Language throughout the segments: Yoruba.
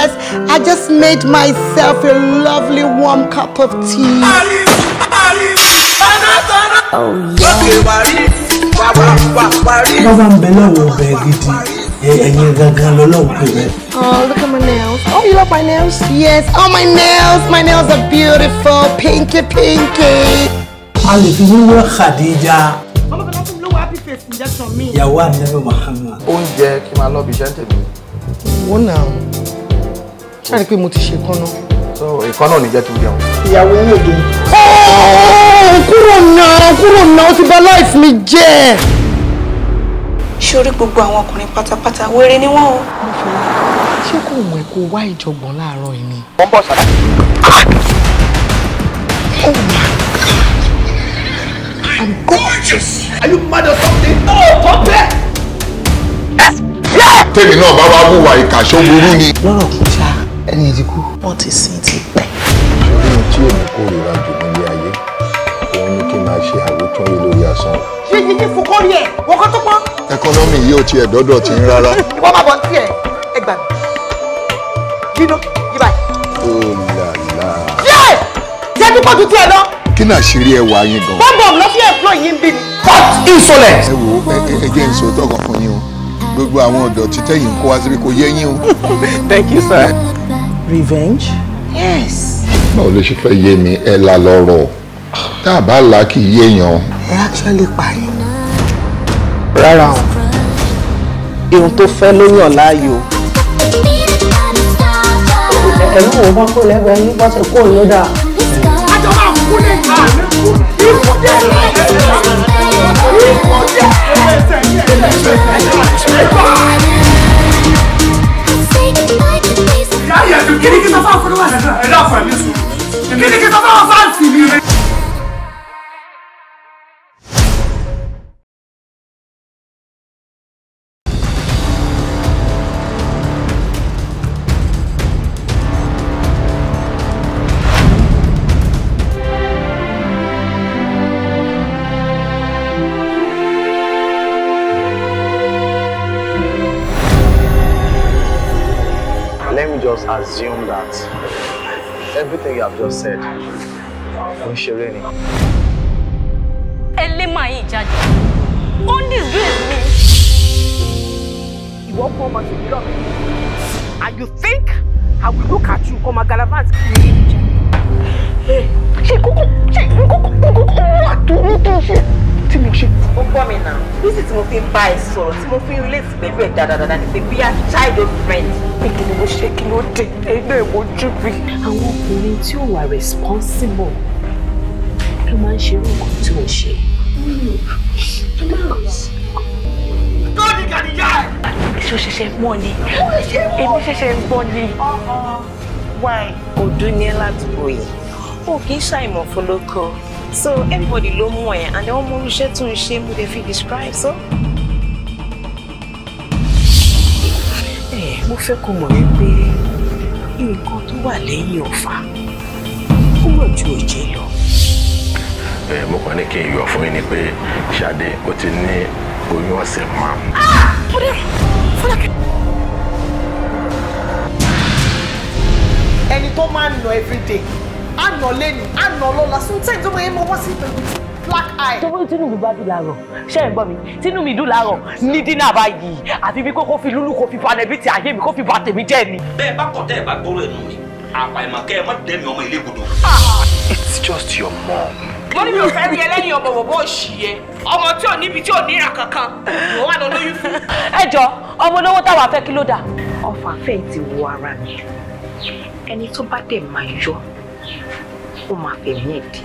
dress. I just made myself a lovely warm cup of tea. Oh, yeah. Oh, look at my nails. Oh, you love my nails? Yes. Oh, my nails. My nails are beautiful. Pinky, pinky. Ali, you know Khadija. Mama, Ọmọ kan tó ń lo happy face injection mi. me. Yeah, Muhammad. Oúnjẹ kí n máa lọ bí iṣẹ́ ń tèmi. Wọ́n náà ṣáà ni pé mo ti ṣe kán náà. so ìkan náà ò ní jẹ́ kí n jẹun. ìyàwó yín èdè. kúrò náà kúrò náà ó ti bà life mi jẹ́. sórí gbogbo àwọn ọkùnrin pátápátá wéré ni wọ́n o. ṣé kò mọ̀ ẹ́ kó wá ìjọ̀gbọ̀n láàárọ̀ yìí ni. wọ́n bọ̀ sára. oh i'm gorgeous. are you mad or something? oh kọ́pẹ́. tèmi náà bá wá wúwa ìkà ṣó burú ni. lọ́rọ̀ kìí ṣe ẹni yẹn ti kú. wọ́n ti sin ti pẹ́. ṣé ní tí èmi kórìíra jù nílé ayé òun ni kí n máa ṣe àwítúnyé lórí asán. ṣé yíyí fukọ́ rí ẹ̀ wọ́n kọ́ tó pọ́n. ẹkọnọ́mì yìí ò tiẹ̀ dọ́dọ̀ tí ń rárá. wọ́n máa bọ̀ sí ẹ̀ ẹ gbà mí. yínú yí báyìí. ó làlà. yé jẹ́ dúpọ̀ ju tiẹ̀ lọ kí náà ṣe rí ẹwà yín gan. bọ́ọ̀bù lọ fi ẹ̀fọ́ yín bí mi. cut insolence. ẹ wo ẹ jẹ́ n sòótọ́ kankan yín o gbogbo àwọn ọ̀dọ́ títẹ̀yìn kó wá síbi kò yẹ yín o. thank you sir. Revenge? Yes. No, ló ṣe fẹ́ yé mi ẹ la lọ́rọ̀? Tá a bá là kì í yéèyàn. Ẹ actually pààyàn. Rárá o, irun tó fẹ́ ló yàn láàyò. Ẹ̀rọ òun bá kó lẹ́gbẹ̀ẹ́ yín bá ṣe kó ló dáa. Àjọ máa kú ní ìgbà mi kú. Ikú jẹ́ ẹ̀rọ ẹ̀rọ. Ikú jẹ́ ẹ̀rọ ẹ̀rọ. kí ni kí n sọ fún àwọn fọlọ́wà sí. ẹ dákun ẹ ní assume that everything you have just said ń ṣeré ni. ẹlẹ́mà yìí jáde this grace me. ìwọ kọ́ ọmọ tèmi lọ mi and you think I will look at you come a galavant kiri ìjà. ṣe kókó ṣe kókó kókó wà tó ní kí n ṣe tí mo ṣe. ó gbọ́ mi náà bísí tí mo fi ń bá ẹ sọ̀rọ̀ tí mo fi ń relate pẹ̀lú ẹ̀ dáadáa ni pé bí a child of friend. èkì ni mo ṣe kí ló dé ẹgbẹ́ ìmọ̀jú mi. àwọn ọkùnrin tí ò wà responsible ló máa ń ṣe irú nǹkan tí ò ń ṣe. tóní kàdíjà ẹ̀. èso ṣẹ̀ṣẹ̀ mọ́ ni èmi ṣẹ̀ṣẹ̀ ń gbọ́ ni. Uh-huh. wáì odò ní ẹ ládùúgbò yìí ó kì í ṣàìmọ̀ fún lóko so everybody ló mú ẹ and wọ́n mú iṣẹ́ tó ń ṣe mo dey fi describe so. mo fẹ́ kó mọ̀ wípé nǹkan tó wà lẹ́yìn ọ̀fà ó mọ̀ ju òjé lọ. mo kàn ní kí n yọ fún yín ni pé Ṣadé ó ti ní oyún ọ̀sẹ̀ márùn-ún. Ah! Fọlákẹ́. ẹni tó máa ń nà everyday àná lẹ́nu sometimes ọmọ yẹn máa wá sí black eye. tọ́wọ́ tinubu bá dùn láàárọ̀ ṣé ẹ̀ mi tinubu mi dùn láàárọ̀ ní dínà báyìí àfi bí kókó fi lúlú kó fi balẹ̀ bí ti ayé mi kó fi ba tèmi jẹ́ ni. bẹ́ẹ̀ bá kọ̀ tẹ́ ẹ̀ bá gbọ́rọ̀ mi àpá ìmọ̀kẹ́ ẹ má dẹ́mi ọmọ ilé gbọdọ̀. it's just your mom. mo ní mi ò fẹ́ rí ẹlẹ́yìn ọmọ bọ̀bọ̀ òṣì yẹn ọmọ tí ò níbi tí ò níra kankan mo wà lọ lóyún fún. ẹ jọ ọmọ olówó táwa fẹ́ kí ló dà. ọfà ti wo ara mi ẹni tó bá dẹ̀ máa yọ uma ferrete.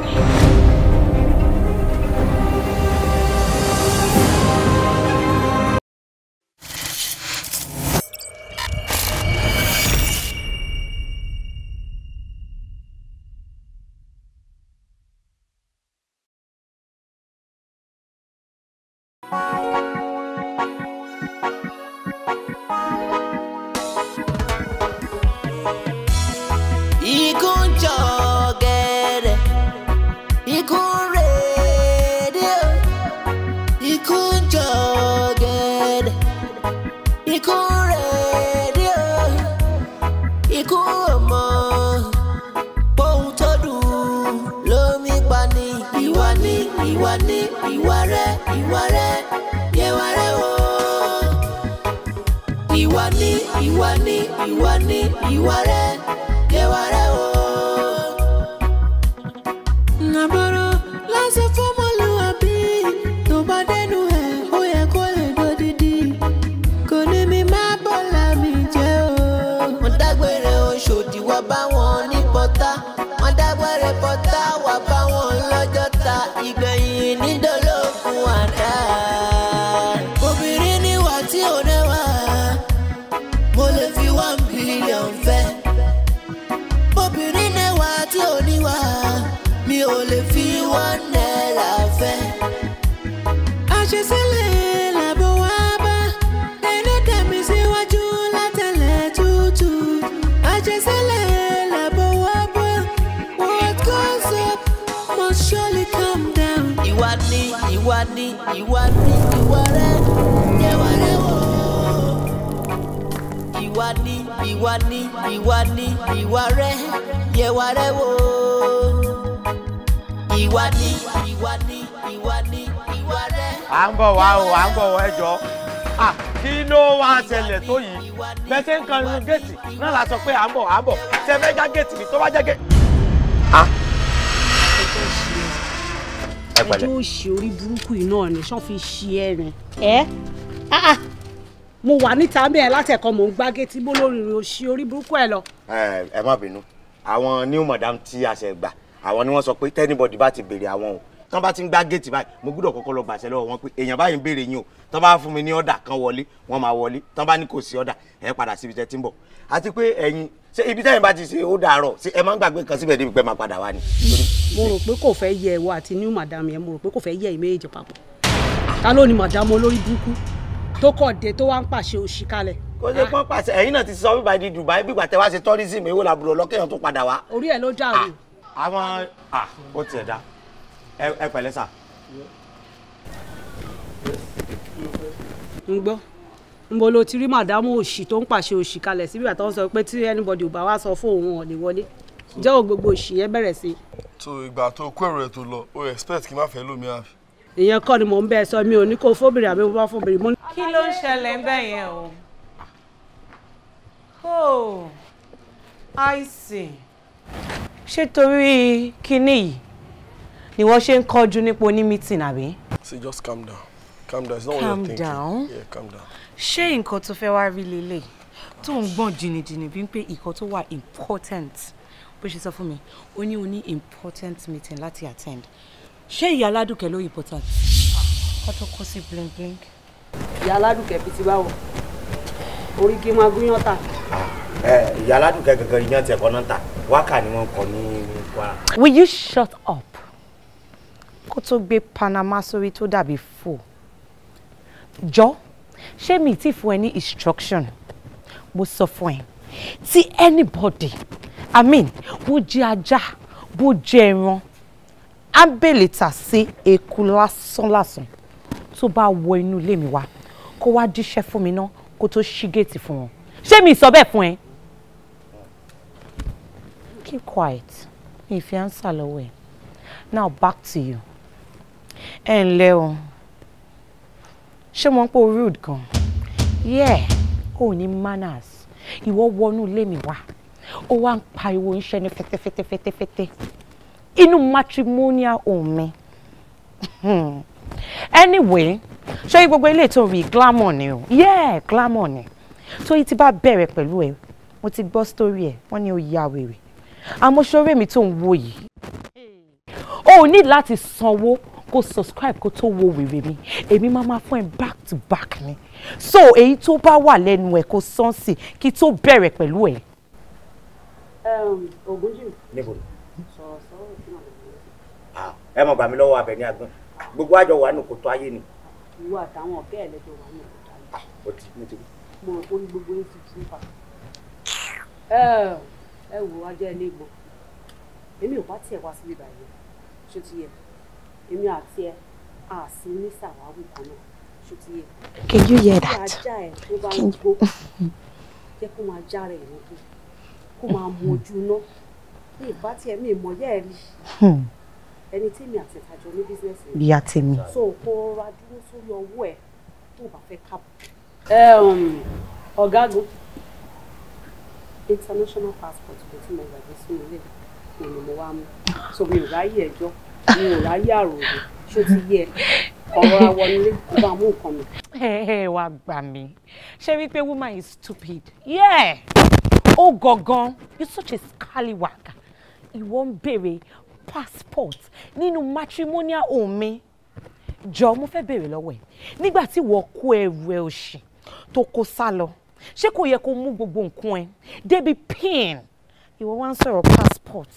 bọ̀ á bọ̀ fẹ́ já géètì mi tó bá jẹ́ géètì. ẹjọ́ òṣì orí burúkú yìí náà ni ṣọ́ fi ṣí ẹ̀rìn ẹ́ ah, ah. mo wà níta bẹ́ẹ̀ látẹ̀kọ́ mò ń gbá géètì bó lórí òṣì orí burúkú ẹ̀ lọ. ẹ má bínú àwọn new madam tí a ṣe gbà àwọn ni wọ́n sọ pé tẹ́nibọ̀dì bá ti béèrè àwọn o tán bá ti ń gbá géètì báyìí mo gbúdọ̀ kọ́kọ́ lọ bàṣẹ lọ́wọ́ wọn pé èèyàn báyìí ń béèrè yín o tán bá fún mi ní ọ̀dà kan wọlé wọ́n máa wọlé tán bá ní kò sí ọ̀dà ẹ̀ padà síbi tẹ́ ti ń bọ̀ àti pé ẹ̀yin ṣé ibi tẹ́yìn bá ti ṣe ó dàárọ̀ ṣé ẹ máa ń gbàgbé kan síbẹ̀ débi pé máa padà wá ni. mo rò pé kò fẹ́ yẹ ẹ̀wọ̀ àti new madam yẹn mo rò pé kò fẹ́ yẹ ìméjì papọ̀ ta ló ni madam olórí burúkú tó kọ̀ dé tó wá ń pàṣẹ òṣì kalẹ̀. kó ṣe ah. pọ́n pàṣẹ ẹ̀yin náà ti sọ bíbá di Dubai bí gbàtẹ́ wá ṣe tourism èwo làbúrò lọ́kẹ́yàn tó padà wá. orí ah, ah, ẹ ló dàrú. àwọn ó tiẹ̀ dá ẹ pẹ̀lẹ́ sà. ń gbọ́ mo lo ti rí màdámù òṣì tó ń pàṣẹ òṣì kalẹ̀ síbi àtọ́ sọ pé tí anybody ò bá wá sọ fún òun ò lè wọlé jẹ́ ò gbogbo òṣì yẹn bẹ̀rẹ̀ sí. so ìgbà tó kó èrò ètò lọ o expect kí n má fẹ́ lómi àfi. ìyẹn kọ́ ni mò ń bẹ sọ mi ò ní kó fóbìnrin àbí mo bá fóbìnrin mo. kí ló ń ṣẹlẹ̀ bẹ́ẹ̀ yẹn o oh i see ṣé torí kinní yìí ni wọ́n ṣe ń kọ́jú nípa oní meeting àbí. see just calm down calm down it's not calm what you're thinking calm down yeah calm down ṣé nǹkan tó fẹ́ wá rí lélẹ̀ tó ń gbọ̀n jìnnìjìnnì bí pé nǹkan tó wà important bó ṣe sọ fún mi ó ní o ní important meeting láti attend ṣé ìyá aládùkẹ́ ló important kó tó kó sí bling bling. ìyá aládùkẹ́ bíi ti báwo orí kí n máa gúnyán tà. ìyá aládùkẹ́ gẹ́gẹ́ iyán tiẹ̀ kọ́ náà tà wákà ni wọ́n kọ́ ní kwara. will you shut up kó tó gbé panama sórí tó dàbí fò jọ́ ṣé me if fún any instruction mo sọ fún See anybody i mean bó jẹ ajá bó jẹ ẹran á bèlè tà sí eku lásánlásán tó bá wọ inú ilé mi wá kó wá díṣẹ́ fún mi ná kó tó ṣí géètì fún wọn ṣé mi sọ bẹ́ẹ̀ fún ẹ. keep quiet If you answer lọ́wọ́ ẹ̀ now back to you And Leo ṣé mo ń rude gan yeah ò ní manners ìwọ wọnú ilé mi wá ó wá ń pariwo ń ṣe ní fẹtẹfẹtẹfẹtẹfẹtẹ inú matrimonial home mi anyway ṣé gbogbo ilé tó rí glamour ni o yeah glamour ni tó yí ti bá bẹ̀rẹ̀ pẹ̀lú ẹ mo ti gbọ́ sítórì ẹ̀ wọ́n ní ó ya wèrè àmọ́ ṣoré mi tó ń wò yìí o ní láti sanwó Ko subscribe ko to wo wèrè mi èmi máa máa fún ẹ back to back ni so èyí tó bá wà lẹ́nu ẹ̀ kó sọ́ọ̀sì kí tó bẹ̀rẹ̀ pẹ̀lú ẹ̀. Um, ògúnjì níbo sọ̀rọ̀ sọ̀rọ̀ ìfúnná. ẹ mọ̀ gbà mí lọ́wọ́ abẹ ní agbọ́n gbogbo àjọ wà ní kòtò ayé ni. ìwọ àtàwọn ọ̀kẹ́ ẹ̀ lẹ́jọ́ wà ní kòtò ayé. mo ti mo ti. mo rò pé gbogbo yín ti tún fà. ẹ wò ajá ẹ ní gbọ́ èmi ò bá tiẹ̀ wá sílé báyìí ṣé ti yẹ èmi àti ẹ a sì ní sàwáwì kan ṣùtìyẹ. can you hear that. kí ajá ẹ tó bá ń gbó jẹ́ kó máa já rẹ̀ lókè kó máa mojú ná ní ìbá tí ẹ̀mí ìmọ̀yẹ́ ẹ̀ rí hmm. ẹni tí èmi àti ìtajọ ní bísíǹsì rẹ̀. ìyá tèmi. so kó rọra dúró sórí ọwọ́ ẹ̀ tó bá fẹ́ kábọ̀. ọ̀gágun international passport kò tí mo gbàgbé sínú ilé mi ni mo wá mú so mi ò ráyè ẹjọ́ mi ò ráyè àròrò ṣó ti yẹ e? ọ̀rọ̀ awọnilé kó bá mú nǹkan mi. ẹ ẹ wá gbà mí ṣé wípé woman is stupid yeah ó gangan you such a scallywag ìwọ ń béèrè passport nínú matrimonial home mi jọ mo fẹ́ béèrè lọ́wọ́ ẹ̀ nígbà tí wọ́n kó ẹrù ẹ òṣì tó kó sá lọ ṣé kò yẹ kó mú gbogbo nǹkan ẹ débi pin ìwọ wá ń sọ̀rọ̀ passport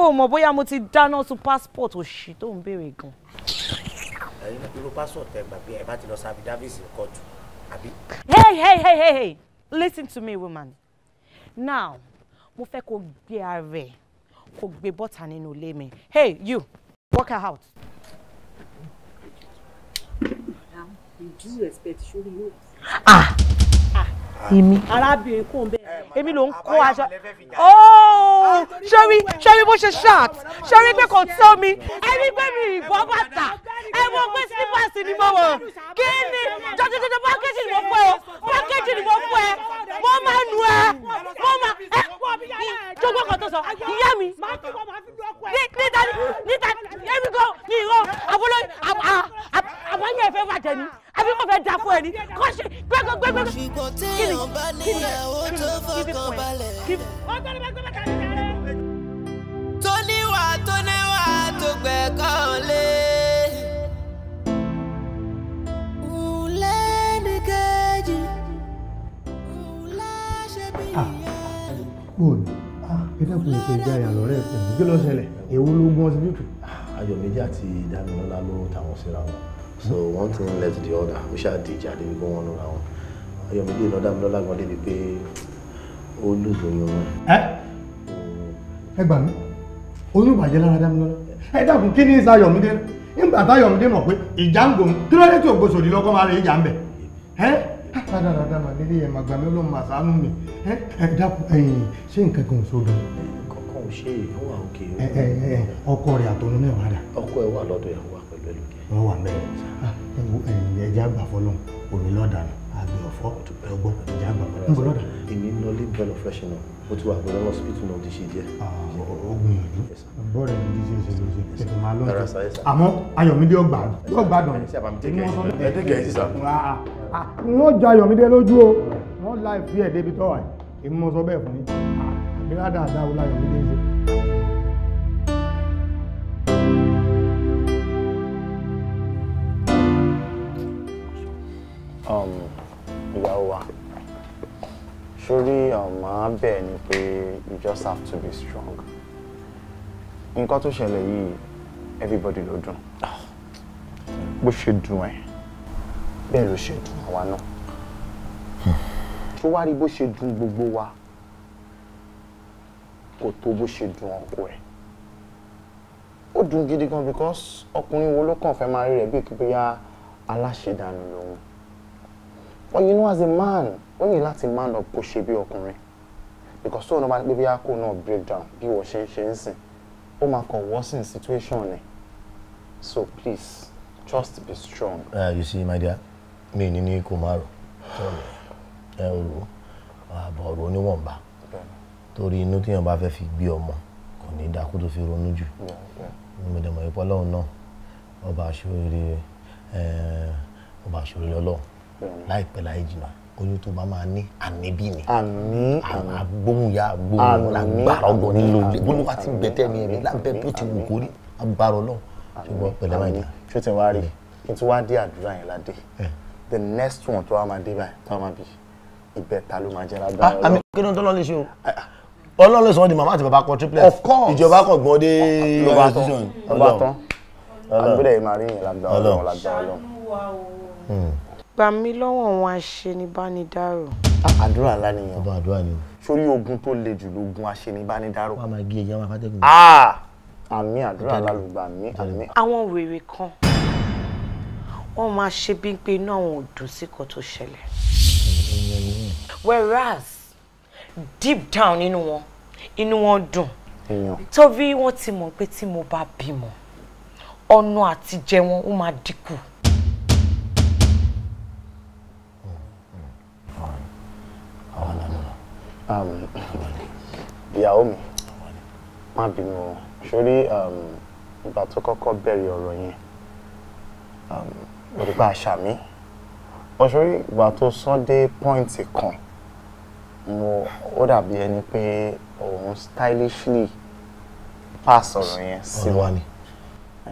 ó mọ̀ bóyá mo ti dáná sun passport òṣì tó ń béèrè gan. ẹ̀yin irú passport ẹ gbàgbé ẹ bá ti lọ sábì davis kóòtù àbí. hey hey hey hey hey listen to me woman now mo fẹ́ kó gbé ara ẹ̀ kó gbé bọ́tà nínú ilé mi hey you work her out. madam we do respect surely ah ah èmi. arábìnrin kò ń bẹ̀rẹ̀ èmi ló ń kó aṣọ ooo sori sori bó ṣe ṣáàt sori pé kò tó mi ẹni pé mi ìbọn bàtà ẹ mọ pé sípàsì ni mo wọ kí ni jọjọjọjọ pákéjì ni mo fọ ẹ pákéjì ni mo fọ ẹ mo máa nu ẹ mo máa ẹ jọgbọ́n kan tó sọ ìyá mi níta níta èmi gan mi ìró àbọ̀lọ́ àbáyé ẹ̀fẹ́ bàjẹ́ ni àbí wọn fẹẹ dàpọ ẹni kọ ṣe gbẹgbẹ gbẹgbẹ. ṣùgbọ́n téèyàn bá ní ìyàwó tó fọkàn balẹ̀. tó níwà tó níwà tó gbẹ̀kọ́ lé. Ah, ah, bóòlù ah, ẹ̀dẹ́kun ìpè ìjà ìyàlọ́ rẹ̀ pẹ̀lú kí ló ṣẹlẹ̀ èwo ló gún ọsibítù. ayọ̀mẹ́jì àti ìdánilọ́lá ló táwọn síra wọn so one thing led to the other ó ṣáà dìjà débi pé wọ́n lóra wọn Ọ̀yọ́mídé lọdà mi lọlágbọn débi pé ó lùzò yín wọn. ẹ ẹ gbà mí oyún ìbàjẹ́ lára dá mi lọ́la ẹ dàbí kí ni ìsà Ọ̀yọ́mídé nígbà tá Ọ̀yọ́mídé mọ̀ pé ìjà ń gòun kí ló dé tí ògbósòdì lọ́kọ́ máa rẹ̀ ìjà ń bẹ̀ ẹ́ dáadáa máa délé ẹ̀ màgbà mi ọlọ́run màsánú mi ẹ dákun ẹ̀yìn ṣé nǹkan kan ò sódò. kọ́kọ́ ò ṣe é ó wà òkè. ọkọ rẹ̀ àtọ̀nù náà wà dà. ọkọ ẹ̀ wà lọ́dọ̀ ẹ̀ wọ́n wà mẹ́rin ah, ẹ̀jẹ̀ àgbà fọlọ́n omi lọ́dà nù àgbẹ̀ ọ̀fọ́ ọgbọ́n ẹ̀jẹ̀ àgbà fọlọ́n. níbo lọ́dà. èmi ń lọ lé bẹ́ẹ̀ lọ fẹ́ṣẹ̀ náà ó ti wà pẹ̀lú hospital náà ó ti ṣe díẹ̀. Ah, ó gbìyànjú bọ́ọ̀rẹ̀ mi ti ṣe ṣe ló ṣe tẹ̀sán máa lọ́ọ̀tẹ̀ àmọ́ Ayọ̀mídé ọgbà yóò gbádùn wọ́n ah, jọ Ayọ̀mídé lójú o wọ́n láì fi ẹ̀ débi tọ́wà èmi mo sọ bẹ́ẹ̀ fún yín àbí rádà àdáwọ̀ láyọ̀mídé ṣe. Um, ìyàwó wa sórí um, màá bẹ́ẹ̀ ni pé you just have to be strong nǹkan tó ṣẹlẹ̀ yìí everybody ló dùn bó ṣe dùn ẹ́ bẹ́ẹ̀ ló ṣe dùn àwa náà tó wá rí bó ṣe dùn gbogbo wa kò tó bó ṣe dùn ọkọ ẹ̀ ó dùn gidi gan because ọkùnrin wo ló kàn fẹ́ máa rí rẹ̀ bí kí bóyá aláṣẹ̀dànù lòun but you know as a man when you let a man up kó ṣe bí ọkùnrin because so náà baby ní pé bí break down be wọ́n ṣe ń ṣe ń sìn ó máa situation so please just be strong. Uh, you see my dear mi ní ní kò má rò ẹ ò rò àbọ̀ ọ̀rọ̀ oníwọ̀nba torí inú téèyàn bá fẹ́ fi gbé ọmọ kò ní dáa kó tó fi ronú jù mo dẹ̀ mọ̀ ìpọ́lọ́hún náà ọba àṣírí eh, ọba àṣírí ọlọ́run láìpẹ́ láì jìnnà oyún tó bá máa ní àníbí ni agbóhùnyá agbóhùn lágbára ọgbọ̀n nílò olúwa ti gbẹ̀tẹ́ ní ẹ̀mí lábẹ́ bó ti wù kórí agbára ọlọ́run ṣùgbọ́n pẹ̀lẹ́ máa jìnnà. rí kí tí wàá dé àdúrà yẹn ládé the next one tó wàá máa dé báyìí tó wàá máa bì ìbẹ̀ta ló máa jẹ́ lágbára ah, ọlọ́run. àmì kí ni tọ́lọ́ lè ṣe o ah, ah. ọlọ́run lè sọ ọ́ di màmá àti bàbá kọ triplet of course ìjọba kan gbọ́n dé ọlọ́run ọlọ́run àgbẹ̀dẹ̀ yìí máa rí ìyẹn lágbára ọlọ́run lágbára ọlọ́run gbà mí lọ́wọ́ àwọn aṣenibánidárò. àdúrà ńlá nìyẹn ọba àdúrà ni o. sórí ogun tó le jù lógun aṣenibánidárò. wàá máa gé ẹ̀yà máa fàtẹ́gùn. àmì àdúrà ńlá ló gbà mí àmì. àwọn wèrè kan wọ́n máa ṣe bí pé inú àwọn ò dùn sí kan tó ṣẹlẹ̀. whereas deep down inú wọn inú wọn dùn torí wọ́n ti mọ̀ pé tí mo bá bímọ ọ̀nà àtijẹ wọn ó máa dínkù. ìyàwó mi má bínú o sórí um, ìgbà tó kọ́kọ́ bẹ̀rẹ̀ ọ̀rọ̀ yẹn um, mo rí pa àṣà mi ọ̀ṣọ́rí ìgbà tó sọ dé pọ́ìntì kan mo ó dàbí ẹni pé òun stylishly pass ọ̀rọ̀ yẹn sí wa. ọ̀rọ̀ wa ni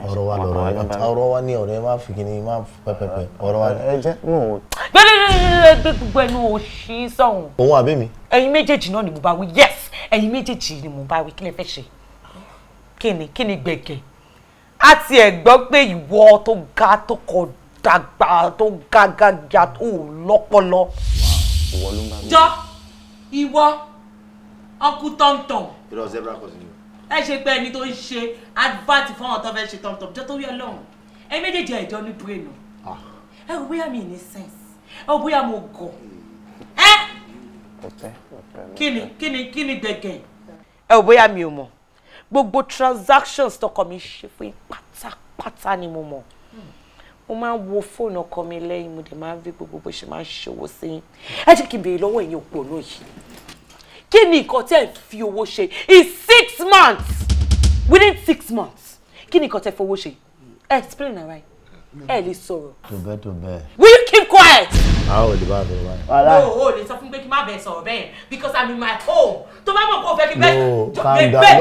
ọ̀rọ̀ wa lọ̀rọ̀ ọ̀rọ̀ wa ni ọ̀rọ̀ ẹ má fi kíni má pẹpẹpẹ ọ̀rọ̀ wa ni. ẹ jẹ́ nù. gbẹ́dẹ́gbẹ́ gbogbo ẹnu òṣì sọ̀hún. òun àbí mi. ẹ̀yin méjèèjì náà ni mo bá wí yes ẹ̀yin méjèèjì ni mo bá wí kí lẹ fẹ́ ṣe kíni kíni gbẹ̀gẹ̀ a ti ẹ̀ gbọ́ pé ìwọ tó ga tó kọ dàgbà tó gágága tó lọ́pọlọ. jọ ìwọ ọkú ìrọ̀ zebra continue ẹ ṣe pé ẹni tó ń ṣe advert fún àwọn tó fẹ́ ṣe tọ̀mtọ̀m jọ tó yẹ lọ́hùn ẹ méjèèjì ẹ̀jọ́ ní brain o ah. ẹ rò bóyá mi ní sense ẹ rò bóyá mo gọ̀ ẹ́ kí ni kí ni kí ni gbẹ̀gẹ̀. ẹ rò bóyá mi ò mọ̀ gbogbo transactions tọkọ mi ṣe fún yín pátápátá ni mo mọ̀ hmm. mo máa ń wo fóònù ọkọ mi lẹ́yìn mo dẹ̀ máa ń fi gbogbo bó ṣe máa ń ṣòwò sí yín ẹ jẹ́ kí n béèrè lọ́wọ́ ẹ̀yin òpó náà yìí kí ni nǹkan tẹ́ ẹ̀ fi owó ṣe in six months within six months kí ni nǹkan tẹ́ ẹ̀ fowó ṣe ẹ explain ara ẹ ẹ lè sọ̀rọ̀. tó bẹ́ẹ̀ tó bẹ́ẹ̀. will you keep quiet. a ò lè bá a bẹ̀rẹ̀ wáyé. no o lè sọ fún pé kí n má bẹ̀ sọ̀rọ̀ bẹ́ẹ̀ because i'm in my home tó bá mọ̀ pé o fẹ́ kí n bẹ́ẹ̀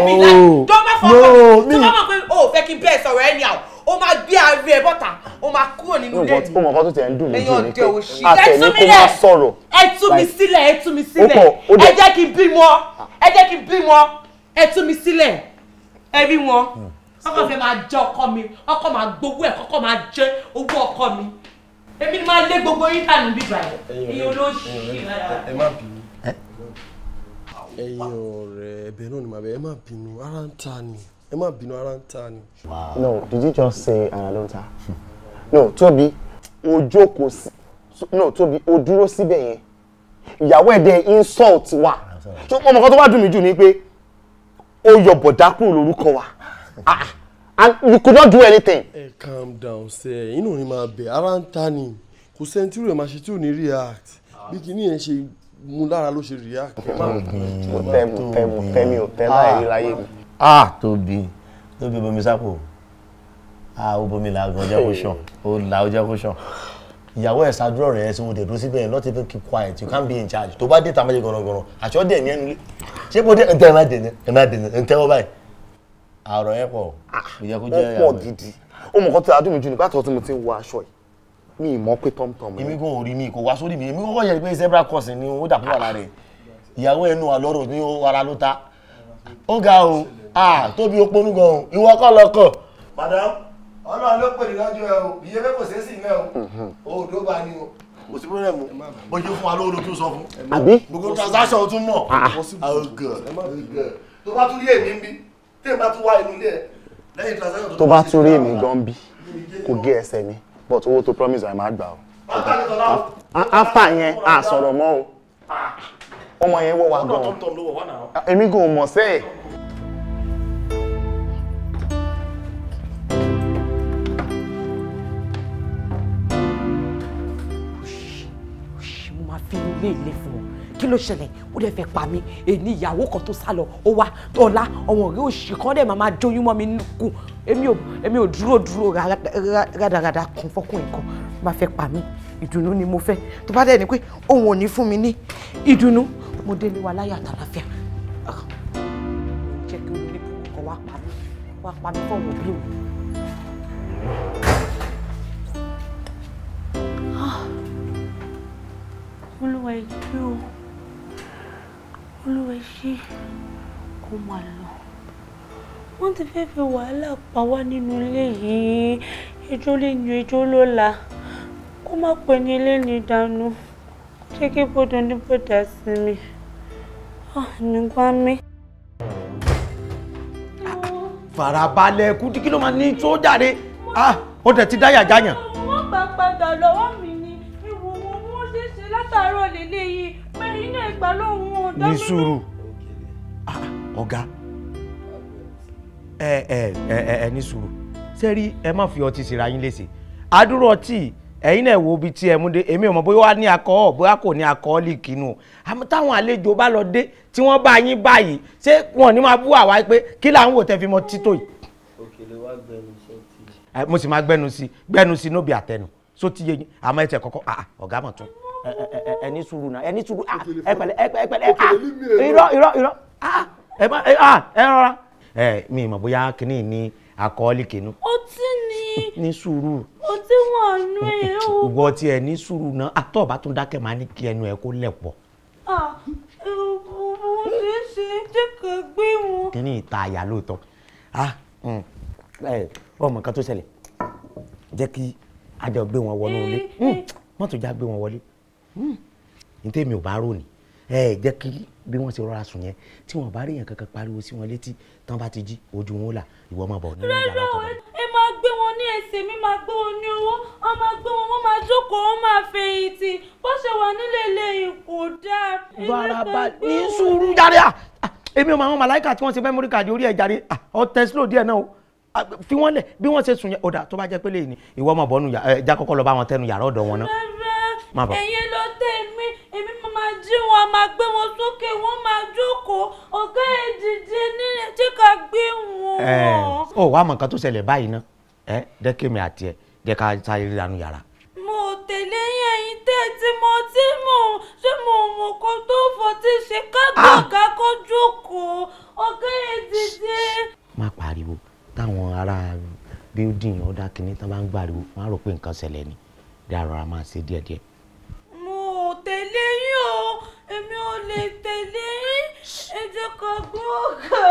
mi láì tó bá mọ̀ pé o fẹ́ kí n bẹ́ẹ̀ sọ̀rọ̀ anyhow o máa gbé ààrẹ ẹ bọ́ta o máa kúrò nínú ilé mi. o mọ̀ kó tó tẹ̀ ń dùn mí jù ní pé àtẹ̀ní kó máa sọ̀rọ̀. ẹ mi sílẹ̀ ah. ẹ tú mi sílẹ̀ ẹ jẹ́ kí n bí wọn ẹ jẹ́ kí n bí wọn ẹ mi sílẹ̀ ẹ rí wọn hmm. ọkọ fẹ́ máa jẹ ọkọ mi ọkọ máa gbowó ẹ kọ́kọ́ máa jẹ owó ọkọ mi èmi ni máa lé gbogbo yín dànù bíbá yẹn èyí olóṣèlú rárá ẹ̀yin ọ̀rẹ́ ẹ̀bẹ̀ náà ni màbẹ ẹ má bínú ara ń ta ni ẹ má bínú ara ń ta ni. no did you just say ara ló ń ta no Tóbi o jókòó sí no Tóbi o dúró síbẹ̀ yẹn ìyàwó ẹ̀ dẹ̀ insult wa ṣé ọmọ kan tó bá dùn mí jù ni pé o yọ bọ̀dá kúrò lórúkọ wa ah, ah, and you could not do anything. ẹ calm down sẹ inú mi máa bẹ ara ń ta ni kò sẹ́ni tí rẹ̀ máa ṣe tí ò ní react bí kinní yẹn ṣe mú lára ló ṣe react. mo tẹ́ mo tẹ́ mo tẹ́ mi ò tẹ́ láì rí láyé mi ah tóbi tóbi bomi sápò ah ó bomi làá gan jẹ́ kó sàn ó là ó jẹ́ kó sàn ìyàwó ẹ̀ ṣàdúrà rẹ̀ ṣe wọ́n dẹ̀ dúró síbẹ̀ not even keep quiet you can't be in charge tó bá dé tàmájẹ gọ̀rọ̀gọ̀rọ̀ àti ọ̀dẹ̀ ní ẹnu lé ṣé kò dé ntẹ́ ẹ̀rá dẹ̀nẹ́ ẹ̀rá dẹ̀nẹ́ ntẹ́ ọ báyìí àrọ̀ ẹ̀ pọ̀ kò yẹ kó jẹ́ ah, ìyàwó ẹ̀. wọ́n pọ̀ gidi ó mọ̀ kọ́ tí adúmí jù ní bá tọ́tún mi ti wọ aṣọ yìí mi ì mọ̀ pé tọ́mtọ́m. èmi kò rí mi kò wá sórí mi èmi kò yẹ pé zebra crossing ni ó dàpọ̀ wà lára ẹ̀ ìyàwó ẹnu àlọ́rọ̀ ní ara ló ta ó ga ah tóbi ó ponú gan o ìwọ kọ́ lọ́kọ̀. madam ọlọ́run ló pè ní lọ́jọ́ ẹ o iye mẹ́kò ṣe é sì mẹ́ o mhm. òòdó bá ní o kò sí problem o bó ṣe fún wa lówó ló sọ fún. àbí gbogbo transaction o tún mọ̀ ọgọ̀ ah. oh, oh, tó bá tún rí èmi ń bí tí èmi bá tún wá inú ilé ẹ lẹ́yìn transaction tó bá tún rí èmi gan bí kò gé ẹsẹ̀ mi but owó tó promise ẹ̀ máa gbà o. afa yẹn a sọ̀rọ̀ mọ́ o ah. ọmọ yẹn wọ wa gan o èmi gan ò mọ̀ sẹ́yìn. ilé ilé fún wọn kí ló ṣẹlẹ̀ ó dẹ̀ fẹ́ pa mí èmi ìyàwó kan tó sá lọ ó wá ọ̀la ọ̀wọ̀n rí òṣì kan dẹ̀ máa jóyún mọ́ mi kù èmi ò èmi ò dúró dúró rádaràdà kún fọ́kùn nǹkan máa fẹ́ pa mí ìdùnnú ni mo fẹ́ tó bá dẹ̀ ni pé òun ò ní fún mi ní ìdùnnú mo délé wa láyà àtàlàfíà jẹ́ kí olórí kọ̀ wá pa mí wá pa mí fọ̀wọ́ bí òun olúwa ẹgbẹ́ o olúwa ṣe kó máa lọ wọ́n ti fẹ́ fi wàhálà pa wá nínú ilé yìí ẹjọ́ lẹ́nu ẹjọ́ lọ́la kó má pẹ́ ní ilé ní ìdánù jẹ́ kí bọ́dọ̀ ní bọ́dà sí mi ah, nígbà mi. farabalẹ̀ kú kí ló máa ní sójà rẹ̀ ah, ó tẹ̀ ti dáyà jáyàn. wọ́n gbà padà lọ́wọ́ mi látàárọ̀ lélẹ̀ yìí mẹ́rin náà ìgbà lóhùn ọ̀dọ́ mi. ní ọ̀gá ẹ ẹ ẹ ẹ ní sẹ́rí ẹ má fi ọtí síra yín léṣe àdúrà ọtí ẹ̀yin náà wo ibi tí ẹ mú dé èmi ò mọ̀ bóyá wà ní akọ́ bóyá kò ní akọ́ líìkì nù àmọ́ táwọn àlejò bá lọ dé tí wọ́n bá yín báyìí ṣé wọn ní máa bú àwa pé kí là ń wò tẹ́ fi mọ títò yìí. òkèlè wa gbẹnu sí mo sì máa gbẹnu sí gbẹnu sí nóbi àtẹnu só ti yé yín àmọ́ ẹ tẹ ah, ah, tún ẹni sùúrù náà ẹni sùúrù ah, ẹ pẹ̀lẹ́ ẹ pẹ̀lẹ́ ah, irọ́ irọ́ irọ́ ah, ẹ má ẹ rọra ẹ mi mọ̀ bóyá kínní ní akọọ́lì kínú. ó ti ní. ní sùúrù. ó ti wọ̀ nú ẹ o. ìwọ tí ẹ ní sùúrù náà àtọ̀ bá tún dákẹ́ máa ní kí ẹnu ẹ kó lẹ̀ pọ̀. òun ṣe é ṣe jẹ́ ká gbé wọn. kínní ìta àyà lóòótọ́ ọmọ mm, kan tó ṣẹlẹ̀ jẹ́ kí a jọ gbé wọn wọnú ilé eh, mọ́tò mm, eh. já gbé wọn wọlé. Hmm. ní tèmi ò bá rò ní ẹ jẹ́ kí bí wọ́n ṣe rọra sùn yẹn tí wọ́n bá rí yẹn kankan pariwo sí wọn létí tán bá ti jí ojú wọn là ìwọ máa bọ̀ nínú ìjà látọ̀dọ̀. ẹ máa gbé wọn ní ẹsẹ̀ mi máa gbé wọn ní owó wọn máa gbé wọn wọn máa jókòó wọn máa fẹ̀yìntì bó ṣe wà nílé ilé kò dáa. baraba ní sùúrù jáde à ah, ah, èmi ò máa wọn màláìka tí wọ́n ṣe fẹ́ kàdé orí ẹ̀ jáde ọ ah, tẹ́sílò díẹ̀ náà o fi wọn lẹ̀ bí wọ́n ṣe sùn yẹn ọ̀dà tó bá jẹ́ pé lè ní ìwọ ọmọ bọ́ọ̀nù jà kọ́kọ́ lọ bá wọn tẹnu yàrá ọ̀dọ̀ wọn náà má bọ̀. ẹ̀yin ló tẹ̀ mí èmi máa jí wọn máa gbé wọn sókè wọn máa jókòó ọ̀gá ẹ̀ dìde nílẹ̀ ká gbé wọn. ẹ ọ wàá mọ nǹkan tó ṣẹlẹ̀ báyìí ná ẹ dẹ́kẹ̀mí àti ẹ jẹ́ ká sáré lanu yàrá. mo tẹ̀lé yẹn tẹ́ tí mo ti mọ̀ ṣé mo mọ̀ kó tó fọ́ tí ṣe ká ah! kó jókòó ọ̀gá ẹ̀ má pariwo táwọn ará bíldìn ọ̀dà kìíní tán bá ń gbàriwo wọn á rò pé nǹkan ṣẹlẹ̀ ni dáàrọ̀ máa ṣe díẹ̀díẹ̀ tẹ̀lé yín o èmi ò lè tẹ̀lé yín ẹ jẹ́ ká gbọ́ ọ̀gá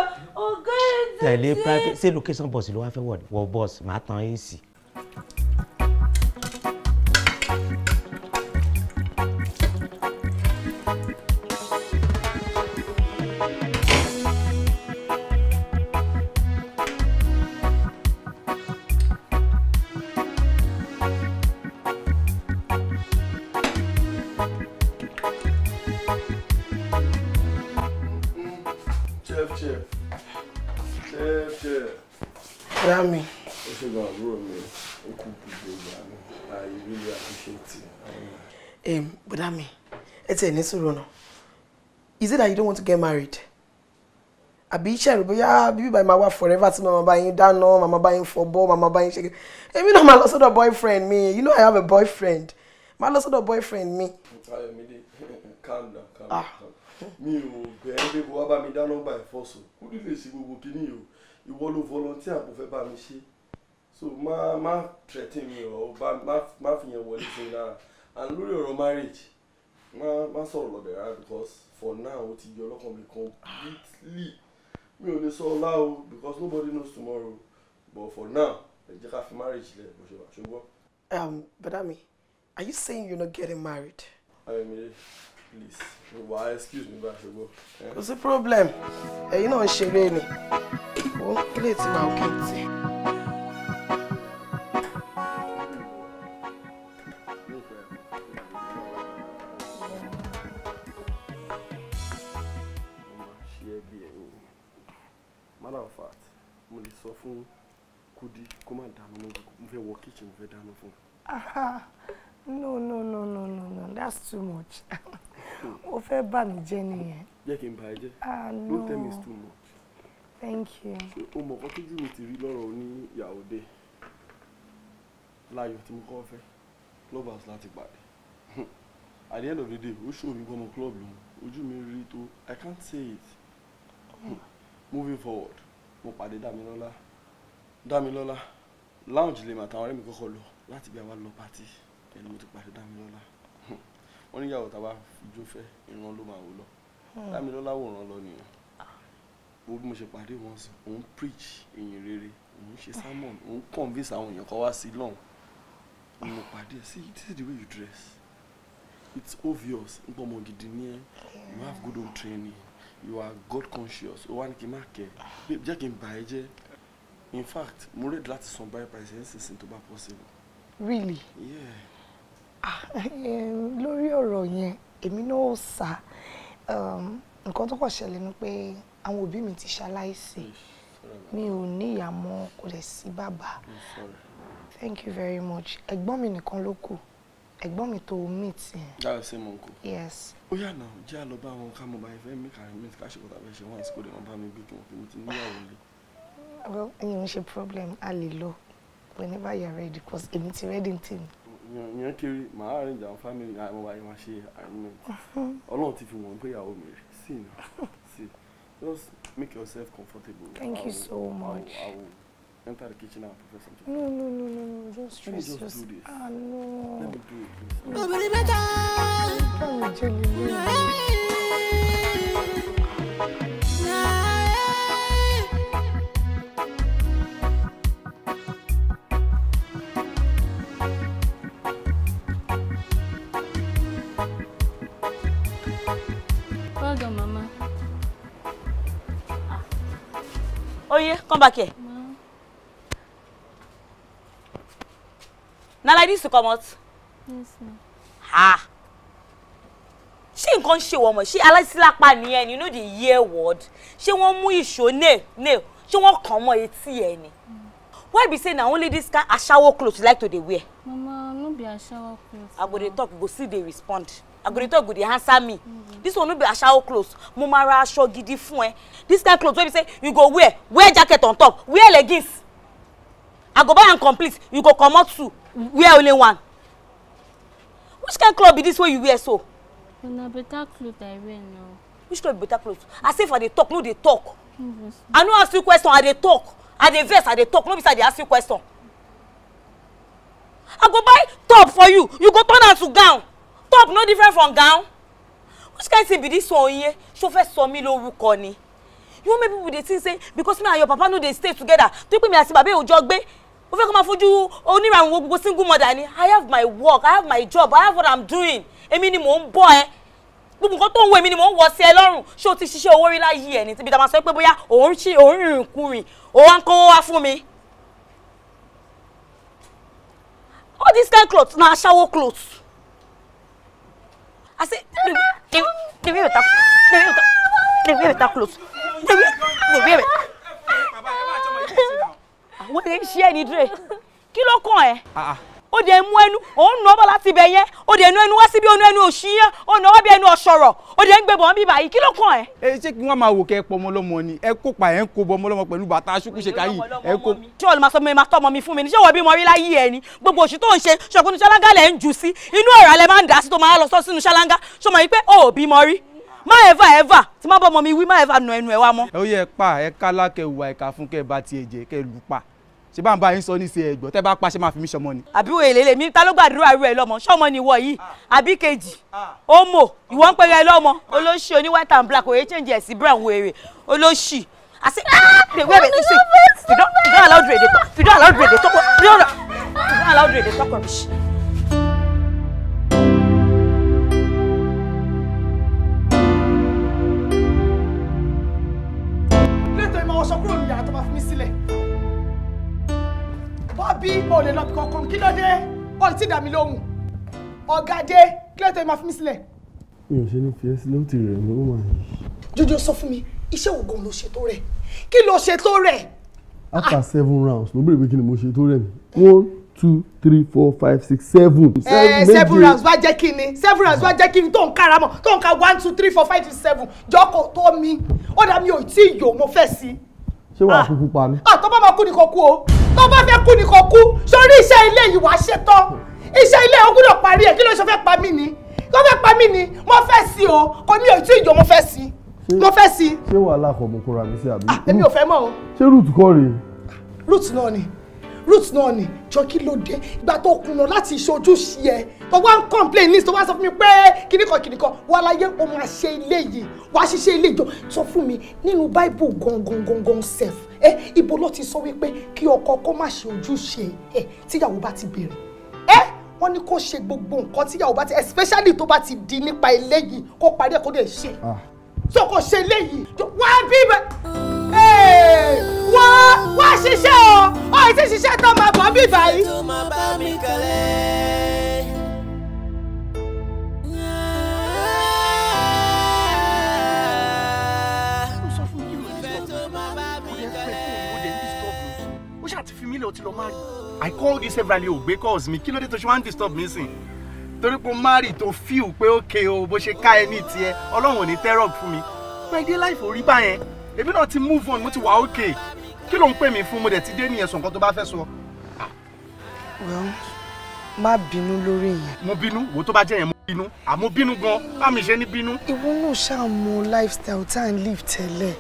ọ̀gá ẹ̀ tẹ̀lé. tẹ̀lé private ṣé location bus ló wá fẹ́ wọ̀ bus máa tan ac. Madam mi, ẹ tiẹ̀ Is it that you don't want to get married? I be iṣẹ́ but yeah, bíbí báyìí my wife forever tí mama buying yín dáná mama buying yín fọbọ́ màmá bá yín ṣe èmi náà máa lọ boyfriend me. you know I have a boyfriend máa lọ sọ́dọ̀ boyfriend me. ayọ̀mídé calm down calm down ah. mi ò bẹ̀rẹ̀ pé kó wá bá mi dáná bá ẹ̀ fọ́sọ kó you? lè ṣe gbogbo kínní o ìwọ ló volunteer kó fẹ́ bá mi ṣe so ma ma threaten mi ọ̀ ma ma yẹn wọlé sí mi lára and lórí ọ̀rọ̀ marriage má má sọ̀rọ̀ lọ́bẹ̀ rárá because for now ó ti yọ ọlọ́kàn mi completely mi ò lè sọ ọlá o because nobody knows tomorrow but for now ẹ jẹ́ ká fi marriage lẹ̀ bó ṣe wà ṣùgbọ́n. Um, Badami, are you saying you're not getting married? Ayomide, please. Why, excuse me, Bashogo. What's the problem? Ẹ̀yin náà ń ṣeré ni. Wọ́n ń play tí màá kí fún Kudi kó má dáná mo fẹ́ wọ kíchìn mo fẹ́ fún no no no no no no that's too much o hmm. fẹ́ bà mí jẹ́ nìyẹn. jẹ́ kí n bà ẹ́ jẹ́ ah, don't tell me it's too much. thank you. o mọ̀ kọ́ tójú mi ti rí lọ́rọ̀ oníyàwó dé láyọ̀ tí mo kọ́ fẹ́ clubhouse láti pàdé at the end of the day ó ṣòro ní gbọmọ club lòun ojú mi rí tó i can't say it hmm. moving forward mo pàdé Dàmílọ́lá Dámilọ́lá lounge lèmi àtàwọn ọ̀rẹ́ mi kọ́kọ́ lọ láti bí a wá lọ pátì ẹni mo ti pàdé Dámilọ́lá wọ́n ní ìyàwó tàwa fijó fẹ́ ìran ló máa wò lọ hmm. Dámilọ́lá wòran lọ nìyẹn wo bí mo ṣe pàdé wọn sọ òun preach ìyìn rere òun ṣe sermon òun convince àwọn èèyàn kan wá sí lọ́hùn ni mo pàdé ẹ see this is the way you dress it's obvious n pọ̀ mọ́ gidi ni ẹ you have good home training you are God conscious o wa ni kí n má kẹ́ jẹ́ kí n bà ẹ́ jẹ́ in fact mo ready láti san buy price ẹ̀ sísìn tó possible. really yeah. ah lórí ọ̀rọ̀ yẹn èmi náà ò sá nǹkan tó kọ̀ ṣẹlẹ̀ ni pé àwọn òbí mi ti ṣaláìsí mi ò ní ìyá mọ́ kò lè sí thank you very much ẹ̀gbọ́n mi nìkan ló kù ẹ̀gbọ́n mi to meet yẹn. that was same uncle. yes. Oh yeah, no. jẹ́ àlọ́ bá wọn ká mo bá ẹ fẹ́ mi kàrí mi ká ṣe kọ́ta fẹ́ ṣe wọ́n àti kò lè wọ́n bá mi gbé kí wọ́n fi mi ti níyàwó lé well any ò ń problem a lè lọ whenever you're ready because èmi ti ready n tèmi. yẹn kiri màá arrange àwọn family àwọn wáyé máa ṣe arrangement mm-hmm. ọlọ́run ti fi wọ́n pé ìyàwó mi rẹ̀ sí i náà sí i just make yourself comfortable. thank will, you so much. I will, I will enter the kitchen and prepare something. no no no no no don't stress yourself. just do this. ah no. let me do it please. obìnrin mẹ́ta. báwo jẹ́ Oye, come back here. Now Na like this to come out. Yes, ma'am. Ha! ṣé nǹkan ṣe wọ́n mọ̀ ṣé aláìsílápá nìyẹn ni you know the year word ṣé wọ́n mú show nail nail She wọ́n come mọ́ etí ẹ̀ ni. why be saying na only this kind shower cloth you like to dey wear. mama no be a shower cloth. i go to talk go see they respond agudito agudi answer me this one no be ashawo clothes mo ma ra aṣọ gidi fún ẹ this kind clothes wey be say you go wear wear jacket on top wear leggings i go buy am complete you go comot two wear only one which kind cloth be this wey you wear so. na better cloth i wear now. which cloth be better cloth as if i dey talk no dey talk i no ask you question i dey talk i dey vex i dey talk no be say i dey ask you question i go buy top for you you go turn am to gown top no different from gown which kind thing be this one here ṣó fẹ́ sọ mí lórúkọ ni you want maybe people dey think say because me and your papa no dey stay together tó pé mi àti bàbá òjọ gbé ó fẹ́ kó máa fojú onírànwó gbogbo single mother ni i have my work i have my job i have what i'm doing èmi ni mò ń bọ́ ẹ gbogbo nǹkan tó ń wo èmi ni mò ń wọ sí ẹ lọ́rùn ṣé o ti ṣiṣẹ́ owó rí láyé ẹ̀ ní tíbi tá a máa sọ pé bóyá òun ṣì òun rìn kùnrin òun á ń kówó wá fún mi. all this kind cloth na aṣawo cloth I said, the, the, the way you talk, the way you talk, the way you talk close, the way, the way. Àwọn èèyàn ń ṣe ẹni dúró. Kí ló kàn ẹ́? Ah, ah ó dẹ̀ mú ẹnu òun nù ọbọ̀ láti ibẹ̀ yẹn ó dẹ̀ nu ẹnu wá síbi ọ̀nà ẹnu òṣì yẹn ó nà ọwọ́ bí ẹnu ọ̀ṣọ̀rọ̀ ó dẹ̀ ń gbé bọ̀n bíbà yìí kí ló kàn ẹ́. ẹ ṣé kí wọn máa wò kẹ pọ ọmọlọmọ ni ẹ kó pa ẹ ń kó bọ ọmọlọmọ pẹ̀lú bàtà ṣùkúṣeká yìí ẹ kó. ṣé olùmọ̀ sọ mi máa tọ́ ọmọ mi fún mi ni ṣé wọ́n bí mo rí láyé ẹ ni gbogbo òṣì tó ń ṣe ṣọkùnrin ṣáláńgá ṣe bá ń bá yín sọ ní ṣe ẹ̀gbọ́n tẹ́ bá pàṣẹ máa fi mí ṣọmọ ni. àbí wo èlé lèmi ta ló gbàdúrà irú ẹ lọ́mọ ṣọmọ ni ìwọ yìí ah. àbí kejì ah. ó mọ ìwọ ń pèrè lọ́mọ ah. olóṣì oní white and black òye change ẹ̀ sí brown wèrè olóṣì àti pèwé rẹ̀ ti ṣe fìdán aláwọ̀dúrèdè tọ́kọ̀ fìdán aláwọ̀dúrèdè tọ́kọ̀ fìdán aláwọ̀dúrèdè tọ́kọ̀ rẹ̀ tí dà mí lóhùn ọ̀gá dé kí lóòótọ́ máa fi mí sílẹ̀. mi ò ṣe ní fi ẹ́ sílẹ̀ ó ti rẹ̀ mí ó máa yí. jọjọ sọ fún mi iṣẹ́ òògùn ló ṣe tó rẹ̀ kí ló ṣe tó rẹ̀. after seven rounds mo béèrè pé kí ni mo ṣe tó rẹ̀ mi one two three four five six seven. ẹ eh, seven rounds wá jẹ́ kí ni seven rounds wá jẹ́ kí ni tó ń kára mọ̀ tó ń ka one two three four five six seven jọ́kọ̀ tó mi ó dà mí ò tí ì yò mo fẹ́ sí i. ṣé wàá ah. kúkú pa ni. àtọ́ ah, bá máa kú ni kò kú o tó bá fẹ́ kú ni kò kú sórí iṣẹ́ ilé yìí wàá ṣetán iṣẹ́ ilé o gbọ́dọ̀ parí ẹ̀ kí ló ṣe fẹ́ pa mí ni ló fẹ́ pa mí ni mo fẹ́ sí o kò ní òtún ìjọ mo fẹ́ sí mo fẹ́ sí. ṣé wàhálà kọ̀ mo kóra mi sí àbí. Ah, èmi ò fẹ́ mọ̀ o. ṣé root kọ́ rèé. root náà ni root náà ni jọ kí ló dé ìgbà tó kùnà láti ṣojú sí ẹ tó wá ń complain ní tó wá sọ fún mi pé kíníkan kíníkan wà láyé o máa ṣe ilé yìí wàá ṣiṣẹ́ ilé ìjọ sọ fún mi nínú bible gangan gangan self ẹ ibo ló ti sọ wípé kí ọkọ kó má ṣe ojúṣe ẹ tíyàwó bá ti bẹ̀rẹ̀ ẹ wọ́n ní kó ṣe gbogbo nǹkan tíyàwó bá ti especially tó bá ti di nípa eléyìí kó parí ẹ̀ kó dẹ̀ ṣe ah. so kò ṣe eléyìí wá bíbẹ wá wá ṣiṣẹ́ o ọ̀hìn tí ṣiṣẹ́ tó máa bọ̀ bíbà yìí. tó máa bá mi kalẹ̀. ó ṣáà ti fi mílíọ̀nù ti lọ máa rí. I call this severally o because calls mi kí to dé tó ṣe wá ń disturb mi sìn torí pé mari tó fíw pé ókè o bó ṣe ká ẹ ní tiẹ̀ Ọlọ́run ò ní tẹ́rọ̀ fún mi my day life ò rí báyẹn èmi náà ti move on mo ti wà okay. kí ló ń pè mí fún mo dẹ̀ ti dé nìyẹn sọ nǹkan tó bá fẹ́ sọ. Ah. well ma binu lori. yẹn. mo bínú wo tó bá jẹ́ yẹn mo bínú àmọ́ bínú gan-an bá mi ṣe ní bínú. ìwọ náà ṣàmù lifestyle tá à live tẹ́lẹ̀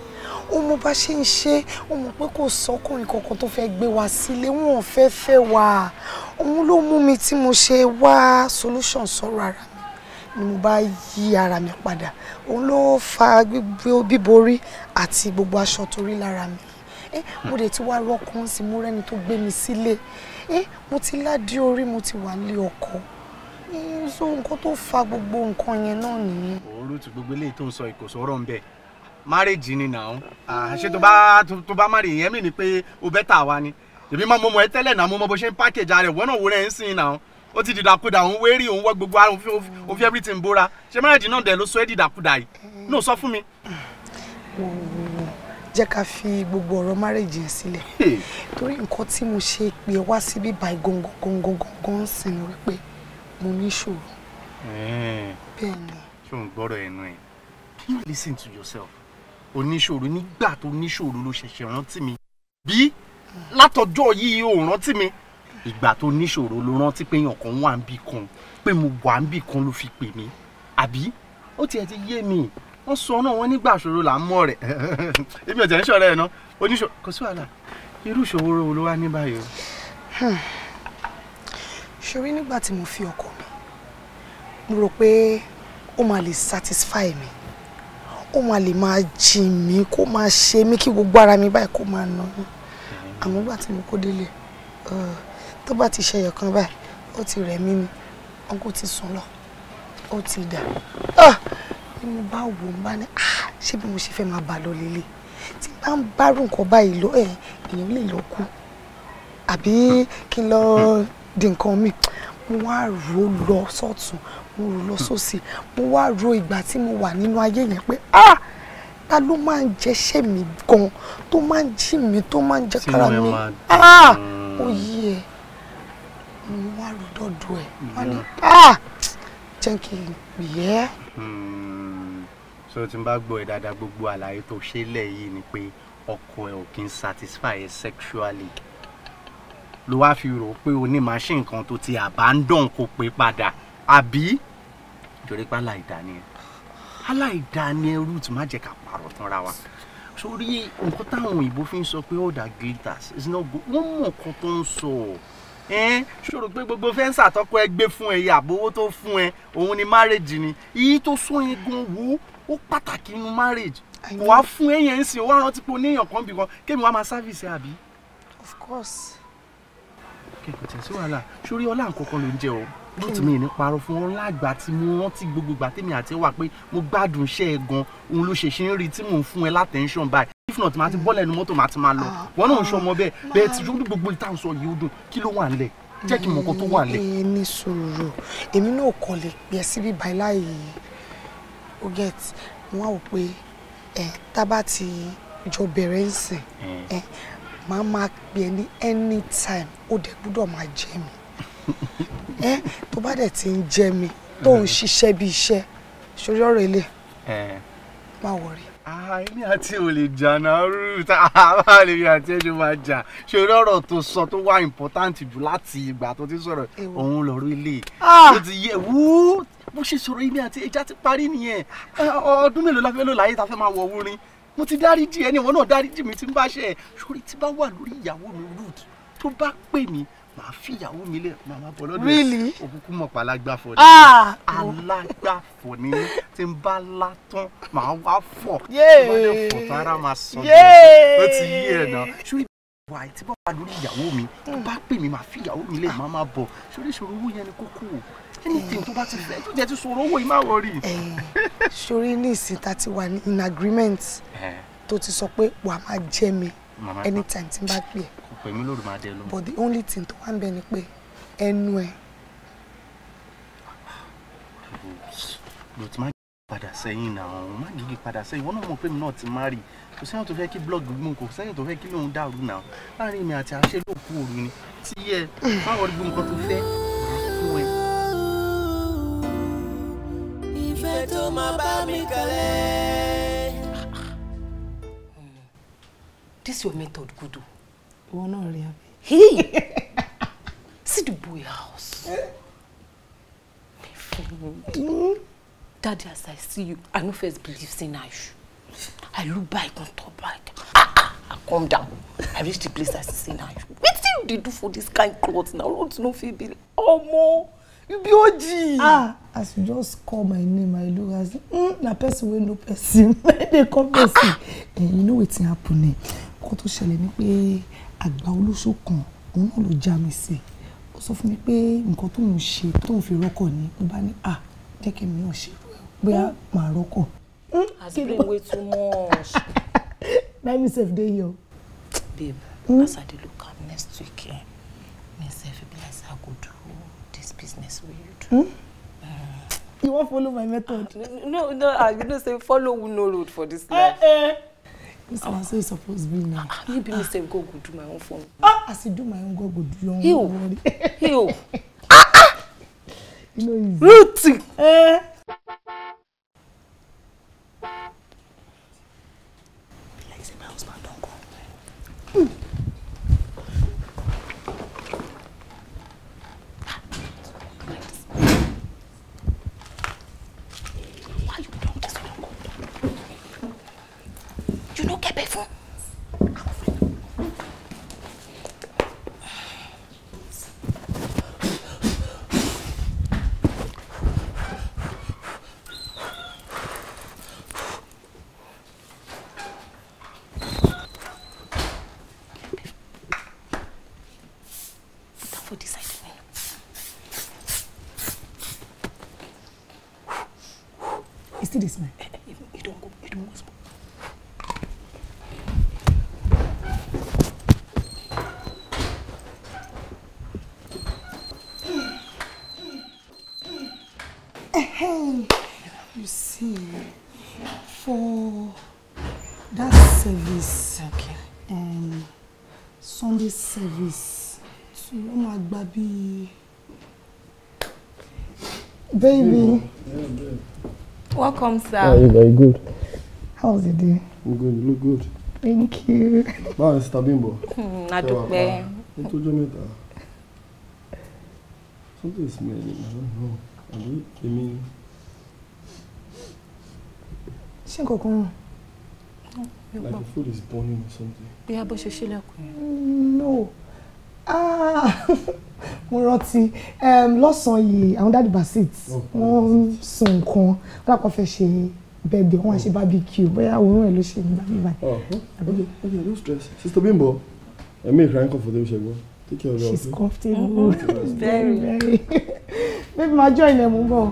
ó mọ bá ṣe ń ṣe ó mọ pé kò sọkùnrin kankan tó fẹ́ gbé wá sílé wọn ò fẹ́ fẹ́ wá òun ló mú mi tí mo ṣe wá solution sọ̀rọ̀ ara mi ni mo bá yí ara mi padà òun ló fa bíborí àti gbogbo aṣọ torí lára mi mo dẹ̀ ti wá rọ́kùn sí mú rẹ́ni tó gbé mi sílé mo ti ládìí orí mo ti wà nílé ọkọ nǹkan tó fa gbogbo nǹkan yẹn náà nìyẹn. òórùn tí gbogbo eléyìí tó ń sọ ìkòsọ́rọ̀ ń bẹ̀ marriage ni now ah, ṣé tó bá tó bá marry yẹn mi ni pé o bẹ́tà wa ni èmi máa mọ ọmọ ẹ tẹ́lẹ̀ náà mo mọ bó ṣe ń package ara ẹ̀ wọ́n náà wo rẹ̀ ń sìn náà ó ti dìdàkudà òun wérí òun wọ́ gbogbo ara òun fi everything bóra ṣé marriage náà dẹ̀ ló sọ ẹ́ dìdàkudà yìí náà sọ fún mi. jẹ́ ká fi gbogbo ọ̀rọ̀ marriage yẹn sílẹ̀ torí nǹkan tí mo ṣe pé wá síbí báyìí gangan gangan gangan sìn ni wípé mo ní ìṣòro. bẹ́ẹ̀ ni. ṣé òun gbọ́dọ̀ ẹnu ẹ̀ listen to yourself oníṣòro nígbà tó níṣòro ló ṣẹ̀ṣẹ̀ rántí mi bí látọjọ́ yìí ò rántí mi ìgbà tó níṣòro ló rántí pé èèyàn kan wà ń bì kan pé mo wà ń bì kan ló fi pè mí àbí ó tiẹ̀ ti yé mi wọ́n sọ náà wọ́n nígbà ṣòro là ń mọ̀ rẹ̀ èmi ò tẹ̀ ń ṣọ̀rẹ́ ẹ̀ ná oníṣòro kò sí wàhálà irú ìṣòro wo ló wá ní báyìí o. Hmm. ṣorí nígbà tí mo fi ọkọ mi mo rò pé ó máa lè satisfy mi kó máa lè máa jì mí kó máa ṣe mí kí gbogbo ara mi báyìí kó máa nà mí àmọ́ gbà tí mo kó délé tó bá ti ṣe ẹ̀yọ̀kan báyìí ó ti rẹ̀ mí ni wọn kò ti sùn lọ ó ti dà bí mo bá wò ó bá ní ṣé bí mo ṣe fẹ́ máa bà lọ lélẹ̀ tí bá ń bárù nǹkan báyìí lọ ẹ̀ èèyàn lè lọ kú àbí kí n lọ di nǹkan mi mo wá rò ó lọ sọ́tún mo rò lọ sósì mo wá ro ìgbà tí mo wà nínú ayé yẹn pé ah ta ló máa ń jẹṣẹ́ mi gan tó máa ń jí mi tó máa ń jẹ mi ah ó yí ẹ mo wá ro dọ́dọ̀ ẹ̀ wá ní ah jẹ́ kí n pè ẹ́. Hmm. so tí n bá gbọ́ ẹ dáadáa gbogbo àlàyé tó ṣe lẹ́yìn ni pé ọkọ ẹ ò kí n satisfy ẹ sexually ló wá fi rò pé o ní machine kan tó ti abandon kó pé padà àbí torí pé ni. aláìdáni root má jẹ́ ká parọ́ tán ra wa sórí nǹkan táwọn òyìnbó fi ń sọ pé all that glitters is not good. wọ́n mọ̀ nǹkan tó ń sọ ẹ́n ṣòro pé gbogbo fẹ́ǹsà tọ́kọ ẹ gbé fún ẹ yẹ àbówó tó fún ẹ òun ni marriage ni iye tó sún yẹn gan wo ó pàtàkì inú márèjì kò wá fún ẹ yẹn ń sìn ó wá rántí pé oníyàn kan bìkan kémi wá máa sáfìsì àbí. of course. kẹ̀kẹ́ tẹ̀síwájú sórí ọlá nǹkan kan ló ń jẹ o lóòtú mi ní parọ́ fún wọn lágbà tí mo rántí gbogbo ìgbà tèmi àti wà pé mo gbádùn iṣẹ́ ẹ gan òun ló ṣe ṣe ń rí tí mò ń fún ẹ látẹ̀ńṣọ̀n báyìí if not màá ti bọ́ lẹ́nu mọ́tò màá ti máa lọ ah, wọn náà ń ṣọmọ ah. bẹ́ẹ̀ bẹ́ẹ̀ tí ṣùgbọ́n gbogbo ìtàn sọ yìí ó dùn kí ló wà nílẹ̀ jẹ́ kí mọ̀kọ́ tó wà nílẹ̀. ẹ sòrò èmi náà kàn lè pè ẹ báyìí láàyè o get wọn ò pé ẹ tábà ti jọ bẹ̀rẹ̀ ń sìn ẹ máa máa pè ní anytime ó dẹ̀ gbúdọ̀ máa jẹ mi ẹ eh, tó bá dẹ̀ ti ń jẹ mi tó ń mm. ṣiṣẹ́ bí iṣẹ́ sórí ọ̀rọ̀ ilé eh. má wọrí. Ah, èmi àti ò lè jà náà rúta àbá lèmi àti ẹjọ máa jà sórí ọ̀rọ̀ tó sọ tó wá important jù láti ìgbà tó ti sọ̀rọ̀ òun lọ́rọ̀ ilé tó ah! ti yẹ wú bó ṣe sọ̀rọ̀ èmi àti ẹja ti parí nìyẹn eh, ọdún mélòó la fẹ́ lò láyé ta fẹ́ máa wọ owó rin mo ti dáríjì ẹni ìwọ náà dáríjì mi ti ń bá ṣe ẹ sórí tí bá wà lórí ìyàwó mi rude tó bá pè mí màá fìyàwó mi lẹ màá bọ lọ́dọ̀ really òkùnkùn mọ pàlágbàfọ ni ah! alágbàfọ ni tí n bá la tán màá wá fọ yéé fọ tara máa sọ yéé ó ti yí ẹ náà sórí ìwà àìtí bá wà lórí ìyàwó mi tó bá pè mí màá fìyàwó mi lẹ màá máa bọ owó yẹn ni kókó o anything tó bá ti fẹ́ tó jẹ́ ti sọ̀rọ̀ owó yìí má wọrí. Eh, sórí ní ìsìn tá a ti wà ní in agreement tó ti sọ pé wàá máa jẹ mi anytime tí n bá pè é pè lóru máa dé lọ. but the only thing tó wà ń bẹ ni pé ẹnu ẹ. ló ti máa ń padà sẹ́yìn náà òun máa gígì padà sẹ́yìn wọn náà mọ̀ pé mi náà ti má rí kò sẹ́yìn tó fẹ́ kí blog mi kò sẹ́yìn tó fẹ́ kí lóun dàrú náà láàrin mi àti àṣẹ ló kú òru ni tí ẹ báwọn gbé nǹkan tó fẹ́ ìfẹ́ tó máa bá mi kalẹ̀. this your method good o ìwọ náà rí àbí. see the boy house eh? my friend daddy as i see you i no first believe say na you i look back on top back ah ah i ah, come down i reach the place i see say na you wetin you dey do for this kind cloth na road no fit be omo you be oji. ah as you just call my name i look as mm, na person wey no person dey call person eh you know wetin happen eh kó tó ṣẹlẹ̀ ni pé àgbà olóṣó kan òun náà ló já mi sí ó sọ fún mi pé nǹkan tóun ṣe tóun fi rọ́kọ̀ ni mo bá ní à jẹ́ kí mi náà ṣe bóyá mm. màá rọ́kọ̀. Mm. as brain way too much. Let me sef dey here. babe mm? as i dey look am next week eh, me sef e be like say i go do this business wey you do. Mm? Mm. you wan follow my method. Ah, no no i ah, know say follow no road for this life. Eh, eh. This oh. answer is supposed to be now. You be say go go do my own phone. Ah, I you do my own, go go do your own. You, oh. oh. you. ah, ah. You know, Ruth. Eh. Baby. Welcome, sir. How are you very good? How's the day? I'm good. You look good. Thank you. Báwo ni sita Bimbo? Mm, a dúpẹ́. Ní tó Something is smelling. I don't know. Àbí èmi. Ṣé nǹkan kan? Like the food is burning or something. Yeah, but she's ṣe mm, No. Ah! mo rántí lọ́sàn-án yìí àwọn dáàdì basit wọ́n ń sun nǹkan lápò fẹ́ ṣe bẹ́ẹ̀dẹ̀ wọ́n á ṣe barbecue bóyá òórùn ẹ̀ ló ṣe nígbà nígbà. Oh, okay okay no stress sister Bimbo ẹ̀mí ìkran comfortable ṣẹ́gun take care of your health. she's comfortable mm-hmm. very very baby ma join ẹ̀ mú bọ̀.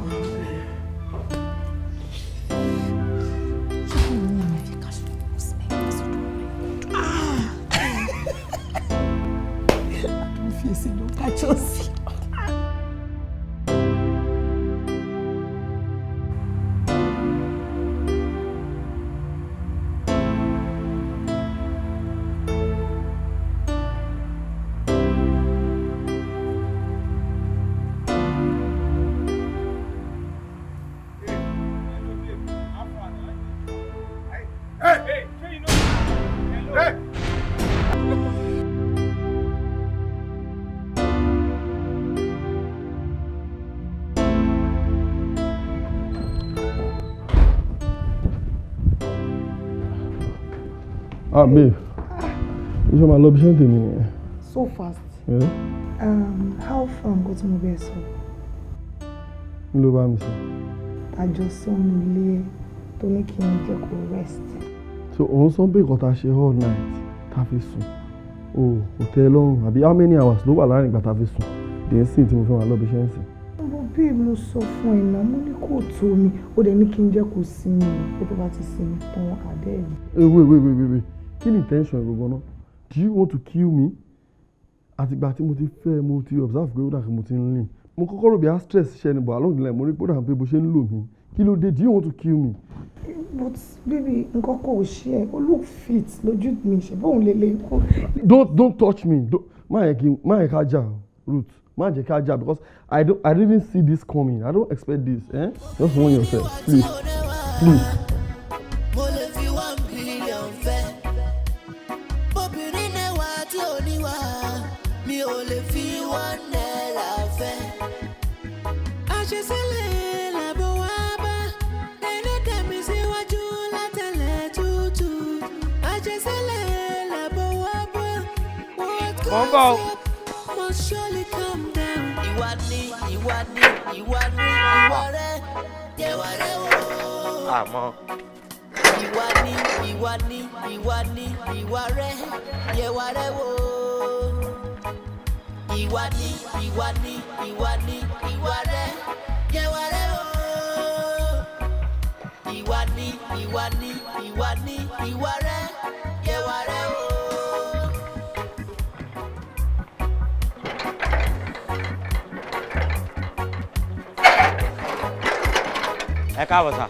ah babe iṣẹ́ máa lọ bí ṣé ń tèmi so fast. Yeah. Um, how far nǹkan to move so? sọ. n ló bá mi sọ. àjọsọ mi lé tó ní kí n jẹ rest. so òun sọ pé nǹkan tá a ṣe all night tá a fi sùn o kò tẹ́ how many hours ló wà láàrin ìgbà tá a fi sùn dèé sí tí mo fẹ́ máa babe mo so fún I'm only cool to me. tó mi you dẹ̀ ní kí see me. kó sinmi pé tó bá ti sinmi tán eh, wait, wait, wait, wait, ewé kí ni intention gbogbo náà do you want to kill me àtìgbà tí mo ti fẹ́ mo ti observe pé ó dà pé mo ti ń lean mo kọ́kọ́ rò bí a stress ṣe ni but along the line mo rí pé ó dà pé bó ṣe ń lò mí kí ló dé do you want to kill me. but baby nǹkan kò ṣe ẹ o look fit lójú mi ṣe bóun lè lè kó. don't don't touch me don't má yẹ kí má yẹ ká jà root má jẹ ká jà because i don't i didn't see this coming i don't expect this eh? just warn yourself please please. mò ń bọ̀ o. àmọ́. ìwà ni ìwà ni ìwà ni ìwà rẹ ìwà rẹ o. ìwà ni ìwà ni ìwà ni ìwà rẹ ìwà rẹ o ìwà ni ìwà ni ìwà ni ìwà rẹ. ẹ káàbọ̀ sà.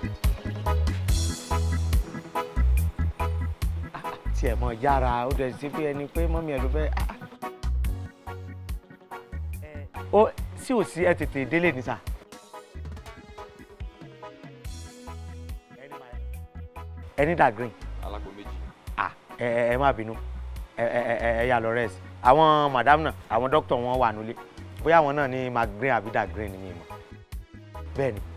tí ẹ mọ yára ó dẹ̀ sí pé ẹni pé mọ́mí ẹ ló fẹ́. ó sí ò sí ẹ tètè délé ní sà. ẹni dà green. alákò méjì. ẹ ẹ má bínú ẹ ẹ ẹ yà lọ rest àwọn madam náà àwọn dókítà wọn wà nílé bóyá àwọn náà ní mac green àbí dà green ni mi mọ̀ bẹ́ẹ̀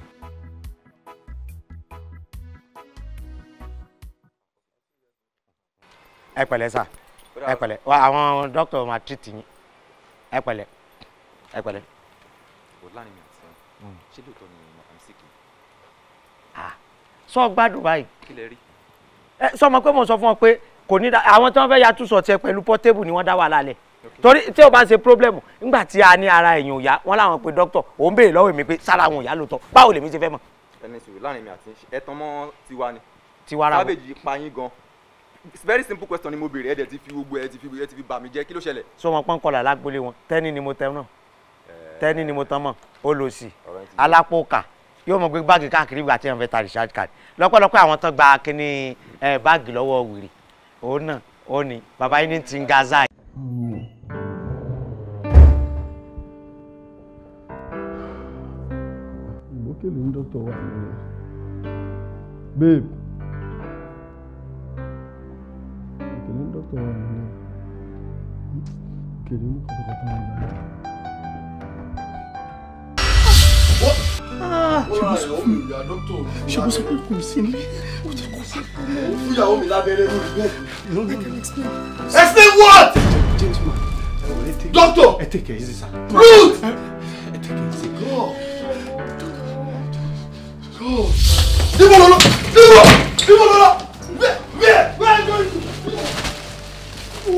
ẹ pẹ̀lẹ́ sà ẹ pẹ̀lẹ́ wa àwọn dókítà máa treat yín ẹ pẹ̀lẹ́ ẹ pẹ̀lẹ́. ọ̀lànìmí àti ẹ̀ ṣé lóòótọ́ ni madam siki. sọ gbádùn báyìí. kí lẹ rí. ẹ sọ ma pé mo sọ fún ọ pé kò ní àwọn tí wọ́n fẹ́ yàtú sọ tiẹ̀ pẹ̀lú portable ni wọ́n dá wàhálà lẹ̀ torí tí o bá ń ṣe problem ńgbà tí a ní ara èèyàn òyà wọn làwọn pe doctor. òun béèrè lọ́wọ́ èmi pé sára àwọn òyà ló tọ́ báwo lèmi ṣe fẹ́ mọ̀. ẹni sùúrù láàrin mi àti ẹtàn mọ́ tiwa ni tiwa ra wọn sábẹ́jì pa yín gan-an very simple question ni mo béèrè ẹ̀ dẹ̀ ti fi gbogbo ẹ̀ ti fi ẹ̀ ti fi bà mí jẹ́ kí ló ṣẹlẹ̀. sọ wọn pọ́n kọlà lágbólé wọn tẹ́ni ni mo tẹ́ náà eh. tẹ́ni ni mo tán mọ̀ olòṣì alápòkà yóò mọ̀ gbé báàgì káàkiri ìgbà tí wọ́n fẹ́ ta recharge card lọ́pọ̀lọpọ̀ àwọn tó gba kíní báàgì lọ́wọ́ wèrè òun náà ó ní bàbá yín ní ti ń ga záì. ìgbókèlè ń dọ́tọ̀ wà nínú babe Öyle. Gelin kapatamadım. Ṣèbùsọ̀ fún mi. Ṣèbùsọ̀ fún mi kò sí ní. Ó ti kò sí. Ó fún ìyàwó mi lábẹ́rẹ́ lórí bẹ́ẹ̀. I can explain. Explain what? Gentleman, doctor. Ẹ take care easy sir. me Ẹ take care easy. God. God. Níbo lọ lọ? Níbo? Níbo lọ lọ? Where? Where? Where are you going? ọ̀rẹ́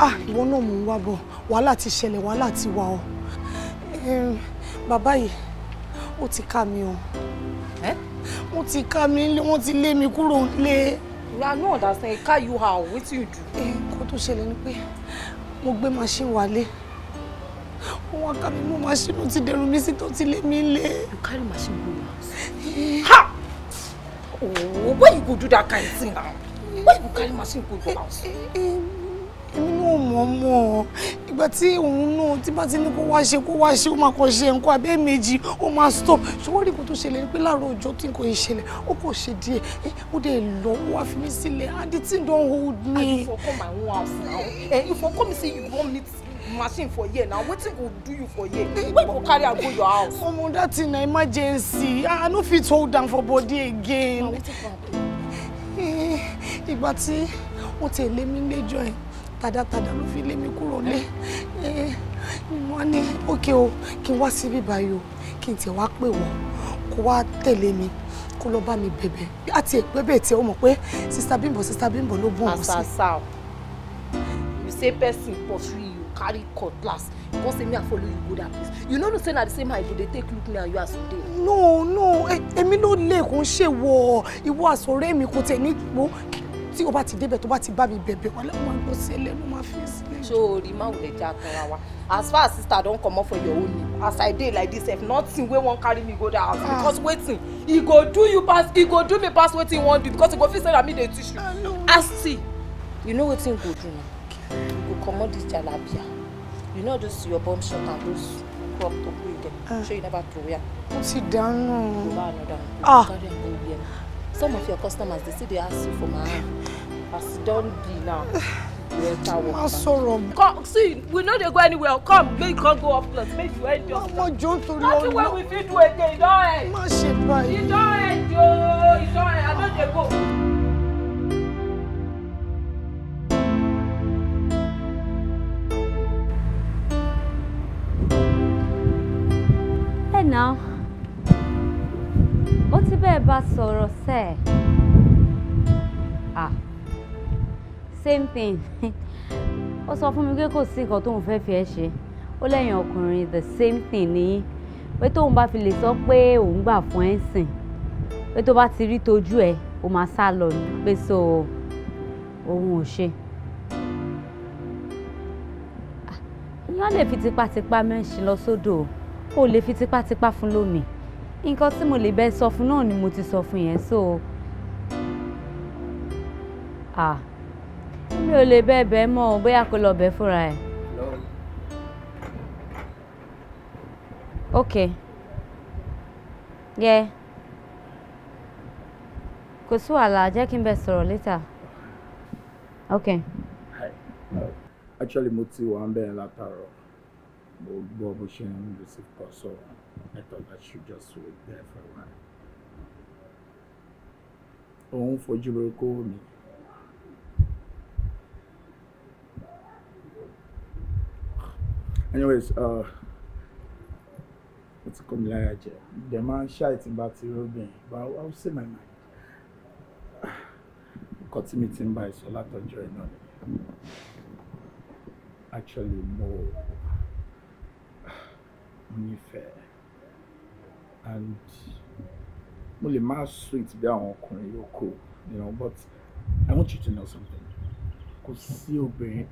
ah ìwọ náà mò ń wá bọ̀ wàhálà ti ṣẹlẹ̀ wàhálà ti wà ọ́ bàbá yìí ó ti ká mi o. Eh? wọ́n ti ká mi nílé wọ́n ti lé mi kúrò nílé. ìyá náà dàsán ká you how wetin you do. nǹkan tó ṣẹlẹ̀ ni pé mo gbé machine wálé wọn ká mi mú machine ti dẹrù mi sí tó ti lé mi lé. you carry machine go your house. Eh. ha oh where you go do that kind of thing now eh. where you go carry machine go your eh, house èmi náà mọ̀ mọ̀ ìgbà tí òun náà tí bá ti ní kó wá ṣe kó wá ṣe ó máa kàn ṣe nǹkan abẹ́ méjì ó máa stop ṣùgbọ́n nǹkan tó ṣẹlẹ̀ pé láàárọ̀ ọjọ́ tí nǹkan yìí ṣẹlẹ̀ ó kò ṣe díẹ̀ ó dẹ̀ lọ ó wá fi mí sílẹ̀ and the thing don hold me. and you for come my own house now eh you for come say you wan meet machine for here now wetin go do you for here eh, wey go carry am go your house. omo dat thing na emergency i no fit hold am for body again. Eh, ìgbà tí ó tẹ̀lé mi lẹ́jọ́ yẹn tàdátàdá ló fi lé mi kúrò lé wọ́n ní ókè o kí n wá síbí báyìí o kí n tiẹ̀ wá pè wọ́n kó wá tẹ̀lé mi kó lọ bá mi bẹ̀bẹ̀ àti ìpẹ́bẹ̀ tí ó mọ̀ pé sista Bimbo sista Bimbo ló bùn òun sí. asasa you say person pursue you carry cutlass you come say me and follow you go that place you no know say na the same eye go dey take look me and you as you dey. no no èmi ló lè kó ń ṣèwọ ìwọ àsọ̀rẹ́ mi kò tẹ̀ ní gbó tí o bá ti débẹ̀ tó bá ti bá mi bẹ̀bẹ̀ wọn lẹ́wọ̀n máa gbọ́ sí ẹlẹ́nu máa fi sílẹ̀. sóòrì má wulẹ̀ já tanra wa as far as sister don comot for your own name as i dey like this sef nothing wey wan carry me go that house ah. because wetin e go do you pass e go do me pass wetin you wan do because you e go feel say na me dey teach you as see you know wetin go do now you go comot this jalabia you know those your bomb shot and those crop top wey you get shey you never throw am. o ti dànù. you go buy another one. ah. Some of your customers, they say they ask you for my hand. As done be now. I'm so wrong. Come, see, we know they go anywhere. Come, make you go up class. Make you end your class. Mama jo torí ọ̀nà. Nothing wey we fit do again, e Don't end. Má ṣe báyìí. E don end yoo, e end. I don't dey go. Hey now ó ti bẹ́ẹ̀ bá sọ̀rọ̀ sẹ́ ẹ̀ ah same thing ó sọ fún mi pé kò sí nǹkan tóun fẹ́ fi ẹ́ ṣe ó lẹ́yìn ọkùnrin the same thing nìyí pé tóun bá fi lè sọ pé òun gbà fún ẹ̀ ń sìn pé tó bá ti rí tojú ẹ̀ ó máa sá lọ ni pé so òun ò ṣe. èèyàn lè fi tipátipá mẹ́sìn lọ sódò o lè fi tipátipá fún lómi. nǹkan tí mo lè bẹ́ẹ̀ sọ fún náà ni mo ti sọ fún yẹn so ah mi ò lè bẹ́ẹ̀ bẹ́ẹ̀ mọ́ o bóyá kó lọ bẹ́ẹ̀ fúnra ẹ̀. ok yẹ kò sí wàhálà jẹ́ kí n bẹ sọ̀rọ̀ létà ok. actually mo ti wà ń bẹ̀rẹ̀ látàárọ̀ mo gbọ́ bó ṣe ń receive sọ̀rọ̀. I thought I should just wait there for a while. Òun fojú burúkú mi. Anyways, uh, ó ti kọ́ mi láyà jẹ. Dẹ̀ máa ń but I'll will say my mind. Nǹkan tí mi ti ń bá ẹ sọ látọjọ́ ẹ̀ náà ni. Actually, mo nífẹ̀ẹ́ and mo lè má sweet bí àwọn ọkùnrin yòókù you know but I want you to know something kò sí obìnrin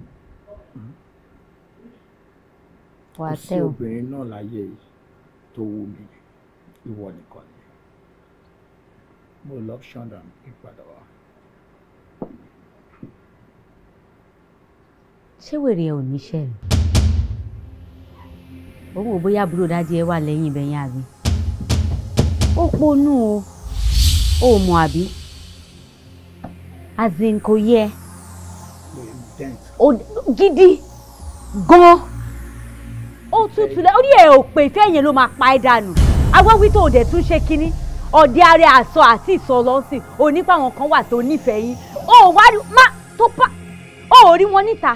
hmm? kò sí obìnrin náà láyé to wù mí ìwọ nìkan ni mo love Shandam. ìpadà wa. ṣé wèrè ẹ ò níṣẹ́ ni ó wò bóyá àbúrò dájú ẹ wà lẹ́yìn ibẹ̀ yẹn àbí ó ponú o ò mọ̀ àbí azin kò yẹ gidi gan ó tutù lẹ orí ẹ ò pè ìfẹ́ yẹn ló máa pa ẹ́ dànù awọ́wí tó o dẹ̀ tún ṣe kínní ọ̀dẹ ara àsọ àti ìsọlọ́sìn onípa àwọn kan wà tó nífẹ̀ẹ́ yín ó wá má tó pa ó rí wọn níta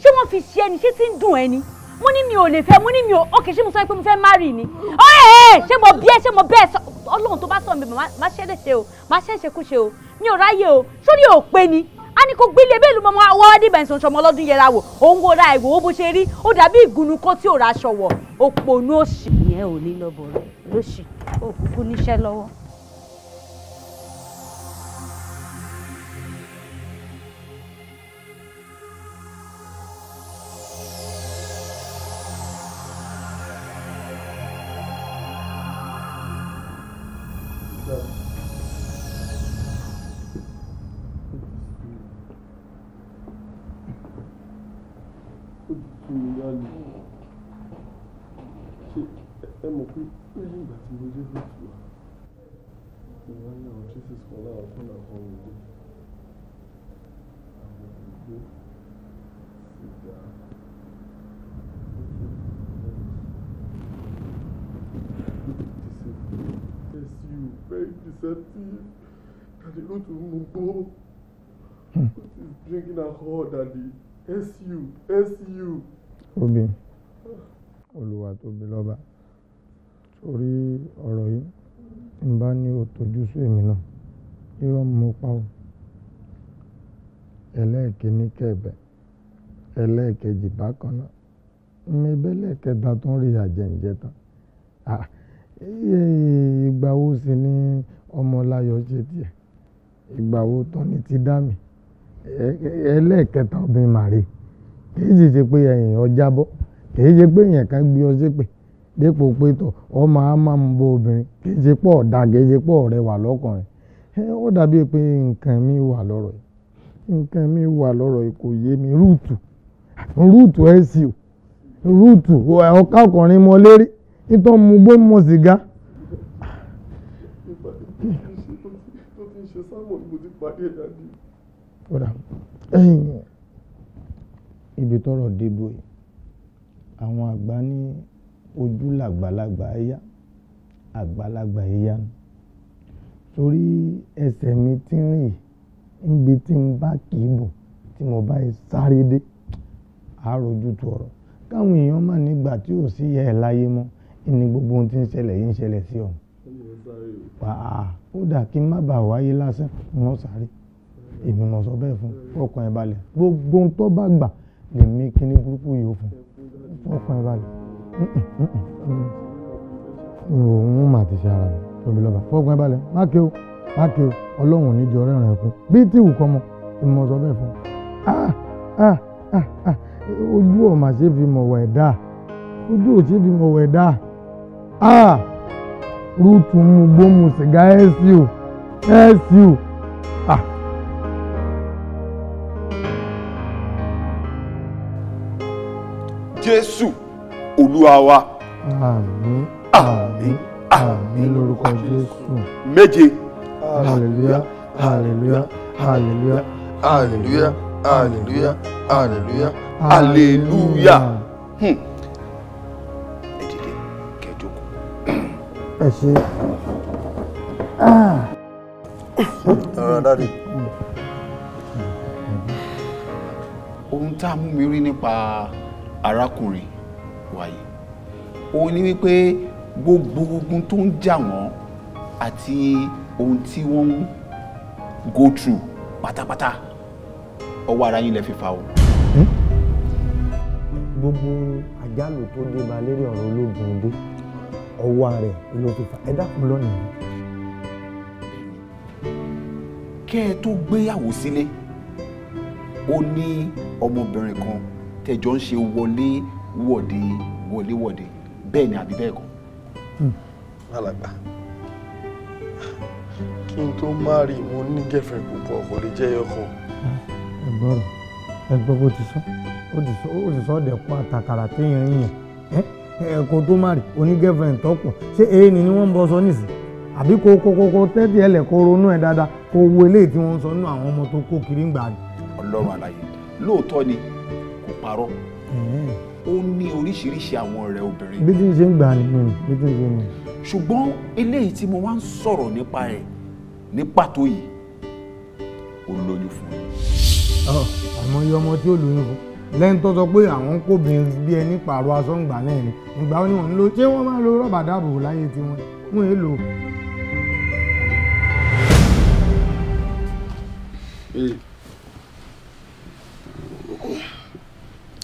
ṣé wọ́n fi ṣe ẹni ṣé tí ń dùn ẹni mo ní mi ò lè fẹ́ mo ní mi ò okay ṣé mo sọ pé mo fẹ́ marry ni ọ̀rẹ́ ṣé mo bí ẹ ṣé mo bẹ́ẹ̀ sọ ọlọ́run tó bá sọ mi má ṣẹ́lẹ̀ ṣe o má ṣẹ́ṣẹ́ kú ṣe o mi ò ráyè o sórí ò pé ni a ní kó gbélé bẹ́ẹ̀lú mọ́mọ́ awọ́wọ́ dìbà ìsọ̀nsọ̀ ọmọ ọlọ́dún yẹra wò òun kò ra ìwò bó ṣe rí ó dàbí ìgúnnu kan tí ò ra aṣọ wọ̀ òpònú òṣì. ìyẹn ò ní lọ bọ̀rọ̀ lóṣì òkùnkùn níṣẹ́ lọ́wọ́ ẹ mọ̀ pé lẹ́yìn ìgbà tí mo dé lóṣù wa mo wá ní àwọn traces kan láwọn fún àwọn ọmọ ìdí àwọn ìgbó sìgá. you very deceptive. Daddy, go to Mumbo. What is drinking alcohol, Daddy? Yes, you. Yes, you. Obi. Ah. Olúwa tóbi lọ́ba sórí ọ̀rọ̀ yìí tí n bá ní o tojú sú èmi náà irọ́ mo pa o ẹlẹ́ẹ̀kíní kẹ̀bẹ̀ ẹlẹ́ẹ̀kejì bákan náà mi bẹ́lẹ̀ kẹta tó ń rí àjẹǹjẹ tán ìgbà wo sì ni ọmọláyọ̀ ṣe tiẹ̀ ìgbà wo tán ni ti dá mi ẹlẹ́ẹ̀kẹta obìnrin màrí kì í sì ṣe pé ẹ̀yìn ọjà bọ́ kì í ṣe pé èèyàn kan gbé ọ ṣépè. dípò pé ọ máa má mú bó obìnrin kì í ṣe pọ̀ ọ̀dà ṣe ẹ ó dàbí pé nǹkan mi wà lọ́rọ̀ yìí nǹkan mi wà o rúùtù ọ̀ká ọkùnrin mọ lérí nítorí mo gbé mọ sìgá. ojú làgbàlagbà ẹ̀yà àgbàlagbà ẹ̀yà torí ẹsẹ̀ mi ti ń rìn níbi tí n bá kì í bọ̀ tí mo bá sáré dé àròjútu ọ̀rọ̀ káwọn èèyàn mà nígbà tí ò sí ẹ̀ láyé mọ́ ní gbogbo ohun tí ń ṣẹlẹ̀ yìí ń ṣẹlẹ̀ sí ọ̀hún. pàà kódà kí n má bàa wáyé lásán wọn sáré èmi mọ̀ sọ bẹ́ẹ̀ fún ọkàn ẹ̀ balẹ̀ gbogbo ohun tó bá gbà lèmi kíní burúkú yìí ó fún ọkàn ẹ̀ balẹ̀ òun mà ti ṣe ara mi tóbi lọ́ba fọ́gbọ́n ẹ balẹ̀ má ké o má ké o ọlọ́run níjọ rẹ̀rìn ẹ̀kún bí tí ìwù kọ́mọ ni mo sọ bẹ́ẹ̀ fún un ah, ah, ah, ojú ọ̀ mà ṣe fi mọ̀ wẹ̀ dáa ojú ò ṣe fi mọ̀ wẹ̀ dáa rúùtù mu gbóhùn sìgá ẹ̀sì o ẹ̀sì o. Jésù olúwa wa. àmín àmín àmín lórúkọ jésù. méje. hallelujah hallelujah hallelujah hallelujah hallelujah hallelujah hallelujah. ẹ dìde kẹjọkọ. ẹ ṣe. ọ̀rọ̀ dáre. ohun tá a mú mi rí nípa arákùnrin wáyé òun ni wípé gbogbo ogun tó ń jà wọ́n àti ohun tí wọ́n ń go through pátápátá ọwọ́ ara yín lè fi fa o. Hmm? gbogbo àjálù tó dé ba lérí ọ̀rọ̀ ológun ọdẹ ọwọ́ rẹ̀ ló fi fa ẹ dákun lọ́nà kẹ́ ẹ tó gbéyàwó sílé ó ní ọmọbìnrin kan tẹ̀jọ́ ń ṣe wọlé wọ̀de wọléwọ̀de bẹ́ẹ̀ ni àbí bẹ́ẹ̀ kọ́. Hmm. alàgbà kí n tó máa rí mo ní gẹ́fẹ̀ẹ́ púpọ̀ kò lè jẹ́ ọkàn. ẹ̀gbọ́n rẹ̀ ẹ̀gbọ́n bó ti sọ ó ti sọ ó ti sọ ọ́ pa tàkàrà téèyàn ń yàn ẹkọ tó máa rí oní onígẹ́fẹ̀ẹ́ tọ́pọ̀ ṣé èyí ni wọ́n ń bọ́ sọ nísìnyí àbí kò kò kò kò tẹ́tí ẹ lẹ̀ ronú ẹ dáadáa kò wo eléyìí tí wọ́n ń sọ nínú àwọn ọmọ tó kó kiri ń gbà. ọlọ́run àlàyé lóòótọ́ ni kò parọ́ ó ní oríṣiríṣi àwọn ọ̀rẹ́ obìnrin. bí tí n ṣe ń gbà ni hmm, bí tí n ṣe ń gbà. ṣùgbọ́n eléyìí tí mo wá ń sọ̀rọ̀ nípa rẹ̀ ní pàtó yìí ó lóyún fún mi. Oh, àmọ́ iye ọmọ tí ó lóyún fún lẹ́yìn tó sọ pé àwọn ń kóbìnrin bí ẹni pààrọ̀ aṣọ ń gbà náà ni ìgbà ó ní wọn ń lo ṣé wọ́n máa lo rọ́bà dáàbò láyé tiwọn wọn èé lò.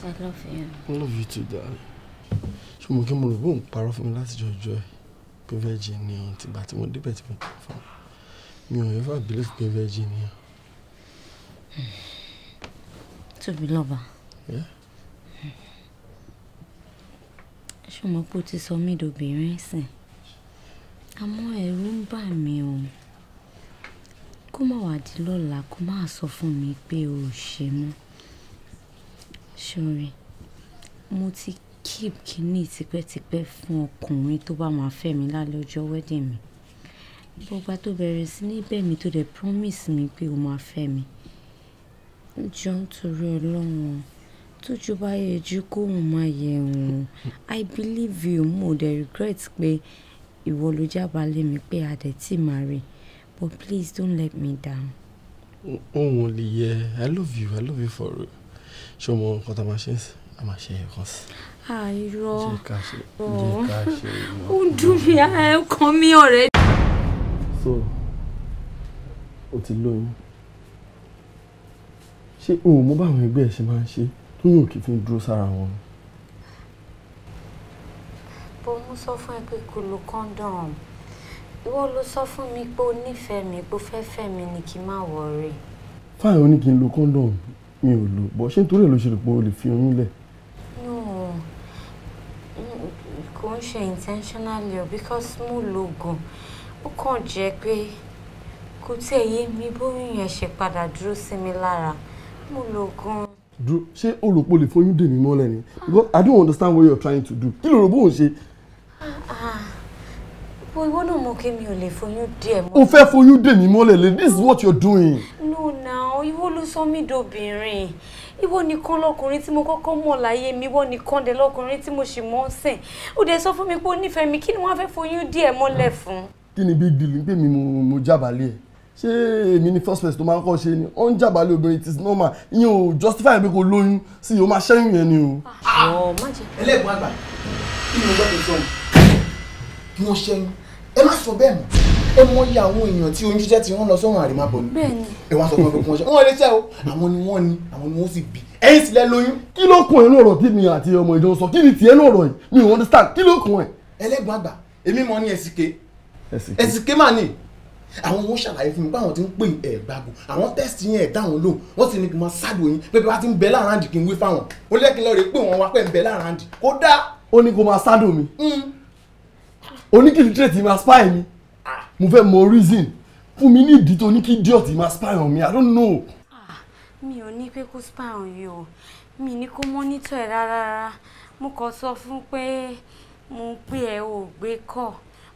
I love you. I love you too, darling. Ṣé mo kí mo rò bó ń last joy, mi látijọ́ ọjọ́ ẹ̀ pé virgin ni ọ̀hún tìgbà tí mo débẹ̀ tí mo parọ́ fún mi ò ever believe pé virgin ni ọ̀hún. Tóbi lọ́ba. Ṣé mo pé o ti sọ mí dobìnrin sìn? Àmọ́ ẹ̀rù ń bà mí o. Kó má wàá di lọ́la kó má sọ fún mi pé o ò Ṣorin, mo ti keep kínní tipẹ́tipẹ́ fún ọkùnrin tó bá máa fẹ́ mi lálẹ́ ọjọ́ wedding mi. But ìgbà tó bẹ̀rẹ̀ sí ní bẹ̀ mí tó dẹ̀ promise mi pé o máa fẹ́ mi. Jọ́ nítorí Ọlọ́run, tójú bá yẹjú kóòrùn máa yẹ òòrùn. I believe you, mo dẹ̀ regret pé ìwọ lo jábálẹ̀ mi pé a dẹ̀ ti marry. But please don't let me down. Ó wọ̀n lè yẹ. I love you, I love you for real ṣé o mọ nǹkan tá a máa ṣe ń sìn a máa ṣe ẹ̀kan sí. àìrọ ọ ó dùn mí ẹ̀kan mi ọ̀rẹ́. so o ti lóyún ṣé o mọ báwọn ẹgbẹ́ ẹ ṣe máa ń ṣe tó yàn kí fún dúró sára wọn. bó mú sọ fún ẹ pé kò lo kọ́ńdọ̀m ìwọ ló sọ fún mi pé o nífẹ̀ẹ́ mi pé o fẹ́ fẹ́ mi ni kí n má wọrí. fáwọn ò ní kí n lo kọ́ńdọ̀m mi ò lò bọ́ ṣé nítorí èlò ṣe pé o lè fi oyún lẹ̀. no kò ń ṣe intentionally o because mo lo oògùn ó kàn jẹ́ pé kò tí ì yé mi bóyún yẹn ṣe padà dúró sí mi lára mo lo oògùn. dúró ṣé o rò pé o lè foyún dè mí mọ́lẹ̀ ni because i don't understand what you are trying to do kí ló rò bóun ṣe. Ah, ah. Bo ìwọ náà mọ̀ kí mi ò lè foyún díẹ̀ mọ́. O fẹ́ foyún dè mí mọ́lẹ̀ lè this is what you're doing. No now, ìwọ ló sọ mí dobìnrin. Ìwọ nìkan lọkùnrin tí mo kọ́kọ́ mọ̀ láyé mi, ìwọ nìkan dẹ̀ lọkùnrin tí mo sì mọ̀ sìn. Ó dẹ̀ sọ fún mi pé ó nífẹ̀ẹ́ mi, kí ni wọ́n fẹ́ foyún díẹ̀ mọ́lẹ̀ fún? Kí ni big deal pé mi mo jábàálẹ̀ ẹ̀? Ṣé èmi ni first place tó máa ń kọ́ ṣe ni? Ó ń jábàálẹ̀ obìnrin it is normal. Ìyẹn ò justify pé kò lóyún sí i, ó máa ṣẹ́yìn yẹn ni o. Ah, Ẹlẹ́gbọ̀n àgbà, kí ni mo gbọ́dọ̀ sọ? Bí wọ́n ṣẹ́yìn ẹ má sọ bẹ́ẹ̀ mọ́ ẹ mọ iye àwọn èèyàn tí oyún jíjẹ́ ti rán lọ sọ́run àrèmábọ̀ ni ẹ wá sọ fún ẹgbẹ́ wọn ṣe wọn lè ṣe o àwọn ni wọ́n ni àwọn ni wọ́n sì bí ẹ̀yìn sílẹ̀ lóyún. kí ló kún ẹ lọ́rọ̀ tí mi àti ọmọ ìjọ sọ kí ni tiẹ̀ lọ́rọ̀ yìí mi ò understand kí ló kún ẹ. ẹlẹ́gbọ̀n àgbà èmi mọ ní ẹ̀sìnké ẹ̀sìnké mà ní àwọn wọn ṣàlàyé fún mi pé àwọn ti ń pè ẹ gbàgbọ́ àwọn test yẹn ẹ dáhùn lóhùn wọn sì ní kí n máa ṣáàbò yín pé bí ti ń bẹ láàrin àǹdì kí n wí fáwọn ó lẹ́kìn lọ́ọ́ rè pé wọ́n wá pẹ́ ń bẹ láàrin àǹdì kó dáa. ó ní kó máa ṣáàdùn mi. Hmm oníkìlítírètì máa spy mi ah, mo fẹ́ mọ reason fún mi ní ìdí tó ní kí máa spy on mi i don't know. Ah, mi ò ní pé kó spy on yìí o mi ní kó mọ́nítọ̀ ẹ̀ rárá mo kàn sọ fún pé mo ń pè ẹ́ ò gbé kọ́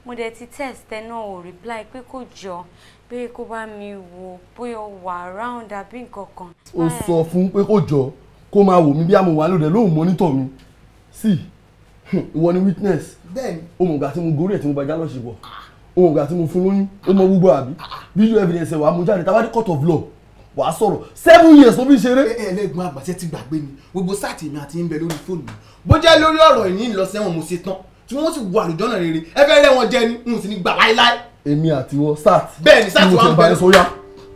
mo dẹ̀ ti test ẹ náà ò reply pé kò jọ pé kó bá mi wò bóyá wà round àbí nǹkan kan. sọ fún pé kó jọ kó máa wò mí bí àmọ́ wà lóde lóhùn mọ́nítọ̀ mi sí. Si Hmm, ìwọ ni witness o mọ̀ gbà tí mo gorí ẹ̀ tí mo bá já lọ́ọ̀ṣì wọ̀ o mọ̀ gbà tí mo fún lóyún o mọ̀ gbogbo àbí video evidence wàá mú jáde tábàdí court of law wàá sọ̀rọ̀ seven years ló fi ṣeré. ẹ ẹ lẹ́gbọ́n àgbàṣẹ́ ti gbàgbé ni gbogbo sáàtì mi àti ń bẹ lórí fóònù mi bó jẹ́ lórí ọ̀rọ̀ ìní lọ sẹ́wọ̀n mo ṣe tán tí wọ́n sì wà lójọ́nà rere ẹ fẹ́ rẹ́ wọn jẹ ni n sì ní gbà láéláé. èmi àti wọ sat bẹ́ẹ̀ ni sat wa ń bẹ̀rẹ̀ sóyá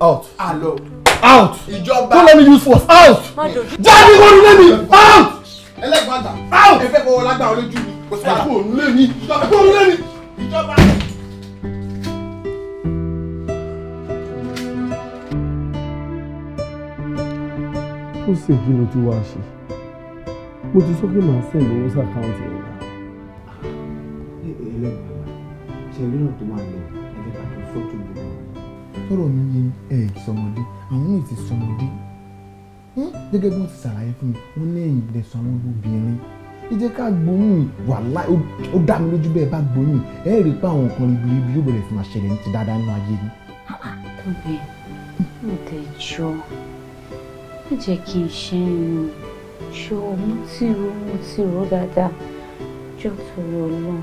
out. àlọ out. ìjọba don't let me use force out. jáde wọnú lẹ́mi out ẹlẹ́gbọ̀n àgbà báwo ẹ fẹ́ fọwọ́ lágbà ọ lójú mi kò sí àpò òun lé ní àpò òun lé ní ìjọba. ó sì kí ló ti wá ṣe mo ti sọ pé màá sẹ́yìn lówó sàkáǹtì rẹ̀ náà. ẹlẹ́gbàá ṣe rí náà tó máa lọ ẹlẹ́gbàá tó fọ́tò mi. tọrọ mi ni ẹ sọmọdé àwọn ò ti sọmọdé Hm? gẹ́gẹ́ bí wọ́n ti ṣàlàyé fún mi wọ́n ní ẹ̀yìn ìdẹ̀sùn àwọn olóbìnrin ẹ jẹ́ ká gbóyún wàhálà ó dá mi lójú bẹ́ẹ̀ bá gbóyún ẹ rí i pé àwọn nǹkan ribiribi yóò bẹ̀rẹ̀ sí máa ṣẹlẹ̀ ní ti dáadáa nínú ayé yìí. tóbi mo tẹ jọ ẹ jẹ́ kí n ṣe ń rìn ṣọ mo ti rò mo ti rò dáadáa jọ torí Ọlọ́run.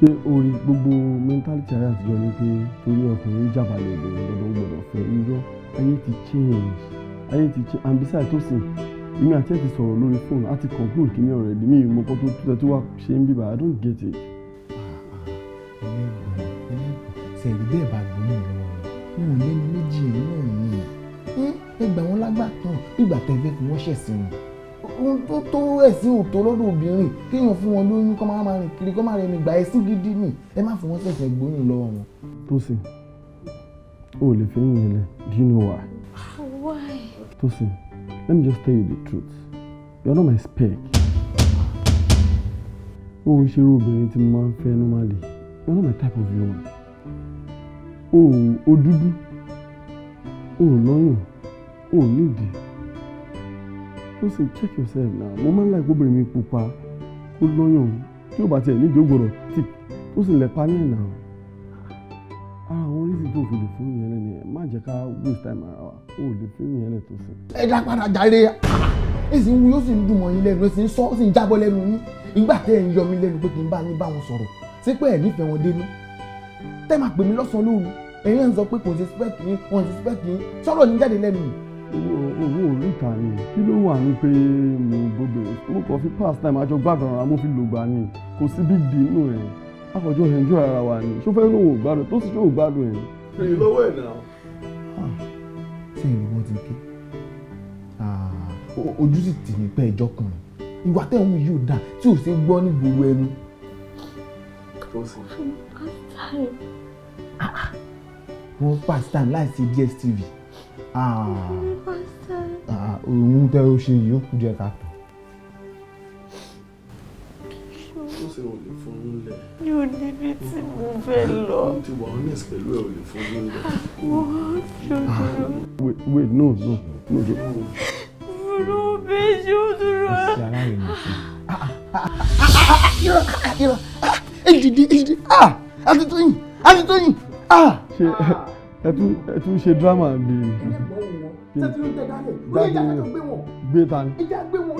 ṣé orí gbogbo mẹ́ńtálítì ayé àtijọ́ ni pé torí ọkùnrin jàbálẹ̀ obìnrin lọ́dọ̀ gbọ́dọ̀ fẹ́ irọ́ ayé ti change ayé ti ṣe and besides tó sìn èmi àti ẹ ti sọ̀rọ̀ lórí fóònù á ti conclude kí ni ọ̀rẹ́ mi ìmọ kan tó tó tó wà ṣe ń bíbá i don't get it. sẹ̀rí bẹ́ẹ̀ bá gbóná ìlú wọn wọn ò lẹ́nu méjì náà ni ẹ gbà wọn lágbà tán ìgbà tẹ̀fẹ́ fi wọ́n ṣẹ̀ sí wọn tó tó ẹ̀sìn òtó lọ́dọ̀ obìnrin kéèyàn fún wọn lóyún kọ́ máa rìn kiri kọ́ máa rìn gbà ẹ̀sìn gidi ni ẹ má fún wọn ṣẹ̀ṣẹ̀ gbóná lọ́wọ́ wọn. tó sì o ò lè fẹ́ yín ilẹ̀ do you know why? why? Tosin, let me just tell you the truth. You're not my spec. Oh, ń ṣerú obìnrin tí mo normally. You're not my type of woman. Oh, ò dúdú. Oh, o ò lọ́yàn. Oh, o ò Tosin, check yourself now. Mo máa ń láì kóbìnrin mi pupa. Ó lọ́yàn. Tí o bá tiẹ̀ nídìí ó gbọ́dọ̀ tì. Tosin lẹ̀ pa ní ẹ̀ náà ara àwọn oríṣi tó fi lè fún mi yẹn lẹ́nu má jẹ́ ká waste time ara wa o lè fún mi yẹn lẹ́ tó sìn. ẹ dá padà jáde èsì ń wuyó sì ń dùn mọ́ yín lẹ́nu èsì ń sọ ó sì ń jábọ́ lẹ́nu yín ìgbà tẹ́ ẹ̀ ń yọ mí lẹ́nu pé kí n bá yín bá wọn sọ̀rọ̀ sí pé ẹ̀ nífẹ̀ẹ́ wọn dénú tẹ́ máa pè mí lọ́sàn-án lóru ẹ̀yin ń sọ pé kò ṣe spec yín wọn ṣe spec yín sọ̀rọ̀ ní jáde lẹ́nu yìí. owó orí ìta ni kí ló wà ní pé mo gbogbo mo kàn fi past time àjọ gbàgbọ́n ara mo fi lògbà ni kò sí big deal nù ẹ̀ àfọ̀jọ́ ẹ̀jọ́ ara wa ni ṣó fẹ́ lóun ò gbádùn tó sì ṣó ò gbádùn ẹ̀. èyí lọ́wọ́ ẹ̀ náà. Ah, ṣé ìlú wọn ti ké ah, ojú sì tì mí pẹ́ ẹjọ́ kan ìwà tẹ̀hún yóò dà tí ò ṣe gbọ́ ní gbogbo ẹnu. Ah, wọ́n pass time láìsí DSTV òun tẹ́ ó ṣe yìí ó kú jẹ́ ká tó. ò lè fún un lẹ̀. mi ò níbi tí mo fẹ́ lọ. mo ti wà honest pẹ̀lú ẹ ò lè fún un lẹ̀. wait no no no no. mo bẹ ṣòro. ìṣe ara rẹ̀ nìyí. yọrọ yọrọ ejide ejide Akítóyìn Akítóyìn. ṣe ẹ tún ṣe drama bíi. ṣé tí ń tẹ dáadé ó ìjà kan gbé wọn. gbé ta ìjà gbé wọn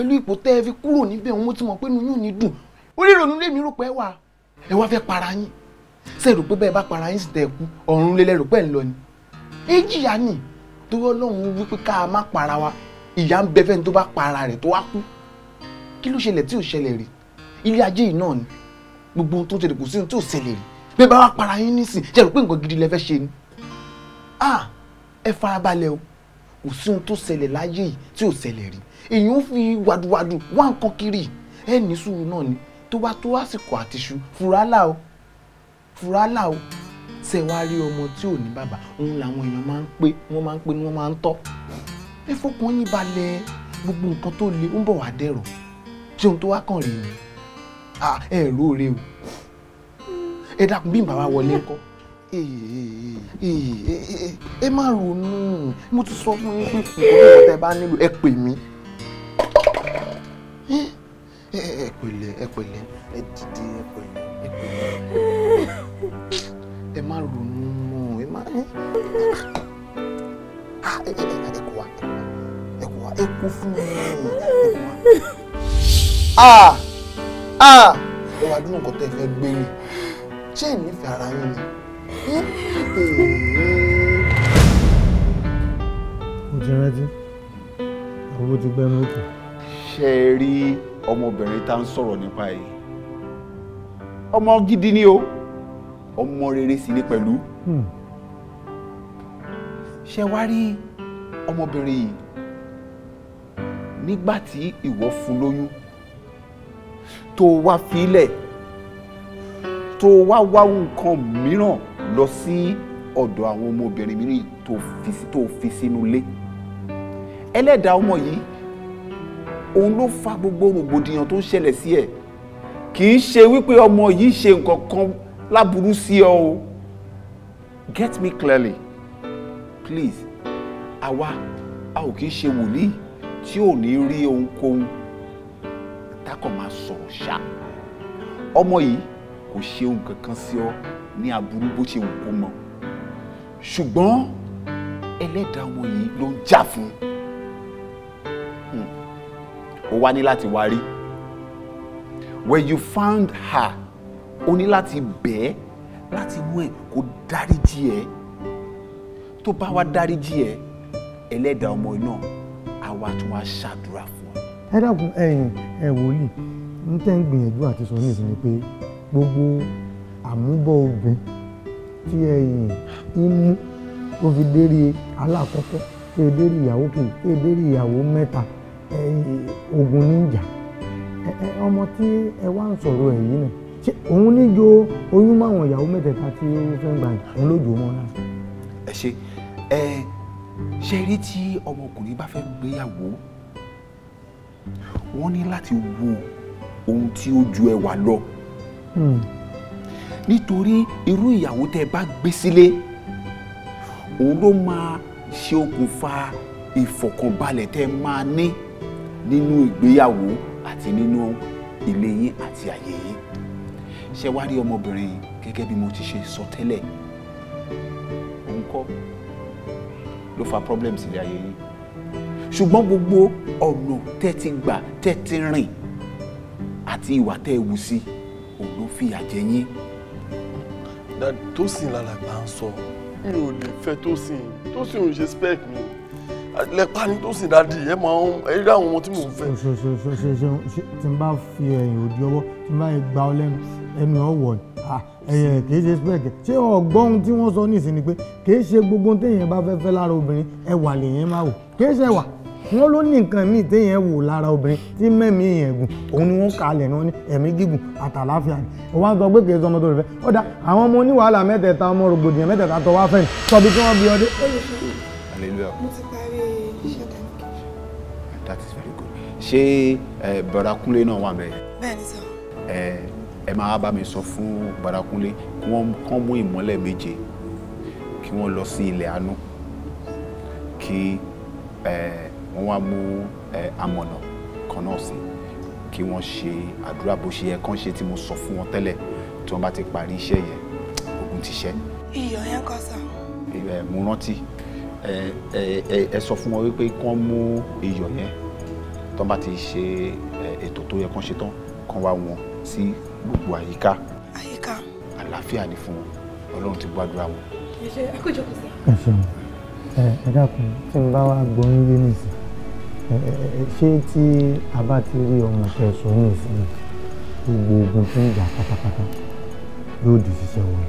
pẹ̀lú ipò tẹ́ ẹ fi kúrò níbẹ̀ òun mo ti mọ̀ pé inú yóò ní dùn orí ìrònú lèmi rò pé ẹ wà ẹ wá fẹ́ para yín ṣe rò pé bẹ́ẹ̀ bá para yín sì tẹ̀ kú ọ̀run lélẹ̀ rò pé ẹ̀ ń lọ ni ẹ jìyà nì torí ọlọ́run wí pé ká má para wa ìyà ń bẹ fẹ́ni tó bá para rẹ̀ tó wá kú kí ló ṣẹlẹ̀ tí ò ṣẹlẹ̀ rí ilé ajé yìí náà ni gbogbo ohun tó ṣẹlẹ̀ kò sí ohun tí ò ṣẹlẹ̀ rí bẹ́ẹ̀ bá wá para yín nísìn ṣe rò pé nǹkan gidi lẹ fẹ́ ṣe ni ah ẹ farabalẹ̀ o kò sí ohun tó ṣẹlẹ̀ láyé yìí tí ò ṣẹlẹ̀ rí èyàn ó fi wàdùwàdù wá nǹkan kiri ẹ ní sùúrù náà ni tó bá tó àsìkò àtiṣu furálà o furálà o ṣe wá rí ọmọ tí ò ní bàbá òun làwọn èèyàn máa ń pé wọ́n máa ń pé ni wọ́n máa ń tọ́ ẹ fọkàn yín balẹ̀ gbogbo nǹkan tó le ń bọ̀ wá dẹ̀rọ̀ ṣé ohun tó wá kàn rèé ni ẹ rò rè o ẹ dákun bí n bàbá wọlé ńkọ́ ẹ má ronú mo ti sọ fún yín pé nǹkan tó tẹ bá nílò ẹ pè mí Eh, ẹ pẹ̀lẹ́ ẹ pẹ̀lẹ́ ẹ dìde ẹ pẹ̀lẹ́ ẹ pẹ̀lẹ́ ẹ má ronú mọ́ ẹ má ah, ẹ kó wa ẹ kó wa ẹ kó fún mi ẹ kó wa. ah ah ẹ wá dúró nǹkan tẹ́ ẹ fẹ́ gbé ni ṣé ẹ nífẹ̀ẹ́ ara yín ni. Hm? Eh. mo ti rántí àwọn bó ti gbẹ́nu òkè ṣe é rí ọmọbìnrin tá ń sọ̀rọ̀ nípa yìí ọmọ gidi ni o ọmọ rere sì ni pẹ̀lú hmm. ṣe wá rí ọmọbìnrin yìí nígbà tí ìwọ fún lóyún tó wá filẹ̀ tó wá wá nǹkan mìíràn lọ sí ọ̀dọ̀ àwọn ọmọbìnrin mìíràn tó fi sínú ilé ẹlẹ́dàá ọmọ yìí òun ló fa gbogbo rògbòdìyàn tó ń ṣẹlẹ̀ sí ẹ̀ kì í ṣe wípé ọmọ yìí ṣe nǹkan kan láburú sí ọ o get me clearly please àwa a ò kì í ṣe wòlíì tí ò ní rí ohunkóhun tákọ̀ máa sọ̀rọ̀ ṣá ọmọ yìí kò ṣe ohun kankan sí ọ ní aburú bó ṣe wù kó mọ ṣùgbọ́n ẹlẹ́dàá ọmọ yìí ló ń jà fún un ó wá ní láti wá rí when you found her ó ní láti bẹ̀ẹ́ láti mú ẹ kó dáríjì ẹ tó bá wá dáríjì ẹ ẹlẹ́dàá ọmọ iná àwa tó wá ṣàdúrà fún ọ. ẹ dákun ẹ̀yin ẹ wòlíì ń tẹ́ ń gbìyànjú àti sọ ní ìsinmi pé gbogbo àmúbọ̀ obìn tí ẹ̀yin ń mú tó fi dérí alákọ̀ọ́kọ́ tó dérí ìyàwó kejì tó dérí ìyàwó mẹ́ta ogun ní ìjà ọmọ tí ẹ wá ń sọ̀rọ̀ ẹ̀ yìí náà ṣé òun níjó oyún máwọn ìyàwó mẹ́tẹ̀ẹ̀ta tí ó fẹ́ gbà òun lójó mọ́ náà. ẹ ṣe ẹ ṣe rí tí ọmọkùnrin bá fẹ́ gbéyàwó wọ́n ní láti wo ohun tí ó ju ẹwà lọ hmm. nítorí irú ìyàwó tẹ́ ẹ bá gbé sílé òun ló máa ṣe okùnfà ìfọ̀kànbalẹ̀ tẹ́ máa ní nínú ìgbéyàwó àti nínú ilé yín àti àyè yín ṣe wá rí ọmọbìnrin gẹ́gẹ́ bí mo ti ṣe sọ tẹ́lẹ̀ òun kọ́ ló fa problem sílẹ̀ ayé yín ṣùgbọ́n gbogbo ọ̀nà tẹ́ ti gbà tẹ́ ti rìn àti ìwà tẹ́ ẹ wù sí òun ló fìyà jẹ yín. dadi Tósìn lálàgbà ń sọ mi ò lè fẹ́ Tósìn Tósìn ò ń ṣe spec mi lẹ́pà ni tó sì dáadì ẹ máa ń ẹ rí àwọn ọmọ tí mò ń fẹ́. ṣe ṣe ṣe ṣe ṣe ṣe tí n bá fi ẹ̀yìn òdi ọwọ́ tí n bá gba ọ lẹ́nu ẹnu ọ̀wọ̀ ẹ̀yẹ kì í ṣe spec ṣé ọgbọ́n tí wọ́n sọ nísìn ni pé kì í ṣe gbogbo téèyàn bá fẹ́ fẹ́ lára obìnrin ẹwà lèèyàn máa wò kì í ṣe ẹwà wọn ló ní nǹkan míì téèyàn wò lára obìnrin tí mẹ́mí èèyàn gùn òun ni wọ́n kalẹ̀ náà ní ẹ̀mí gígùn àtàláfíà ni òun á sọ pé kì í sọmọ tó rẹ fẹ́ ọ̀dà àwọn ọmọ oníwàhálà mẹ́tẹ̀ẹ̀ta ọmọ rògbòdìyàn mẹ́tẹ̀ẹ̀ta tó wá sọ bí kí wọ́n bí ọdẹ. mo ti ṣé barakunle náà wà bẹ́ẹ̀. bẹ́ẹ̀ni sọ. ẹ ẹ máa bá mi sọ fún barakunle kí wọ́n kàn mú ìmọ́lẹ̀ méje kí wọ́n lọ sí ilẹ̀ àánú kí wọ́n wá mú amọ̀nà kan náà sí kí wọ́n ṣe àdúrà bó ṣe yẹ kán ṣe tí mo sọ fún wọn tẹ́lẹ̀ tí wọ́n bá ti parí iṣẹ́ yẹn ogun ti ṣẹ́. iyọ̀ yẹn kọ́ sọ. mo rántí ẹ ẹ ẹ sọ fún wọn wípé kán mú iyọ̀ yẹn tó bá ti ṣe ètò tó yẹ kán ṣe tán kán wá wọn sí gbogbo àyíká àyíká àlàáfíà ni fún wọn ọlọ́run ti gbàdúrà wọn. ẹ ṣe akójọpọ̀ sí. ẹ ṣeun ẹ dákun tí n bá wá gbóyún yé nìsín ṣé tí a bá ti rí ọmọ kẹsàn-án nìsín gbogbo ogun tó ń jà pátápátá yóò di ṣiṣẹ́ wọlé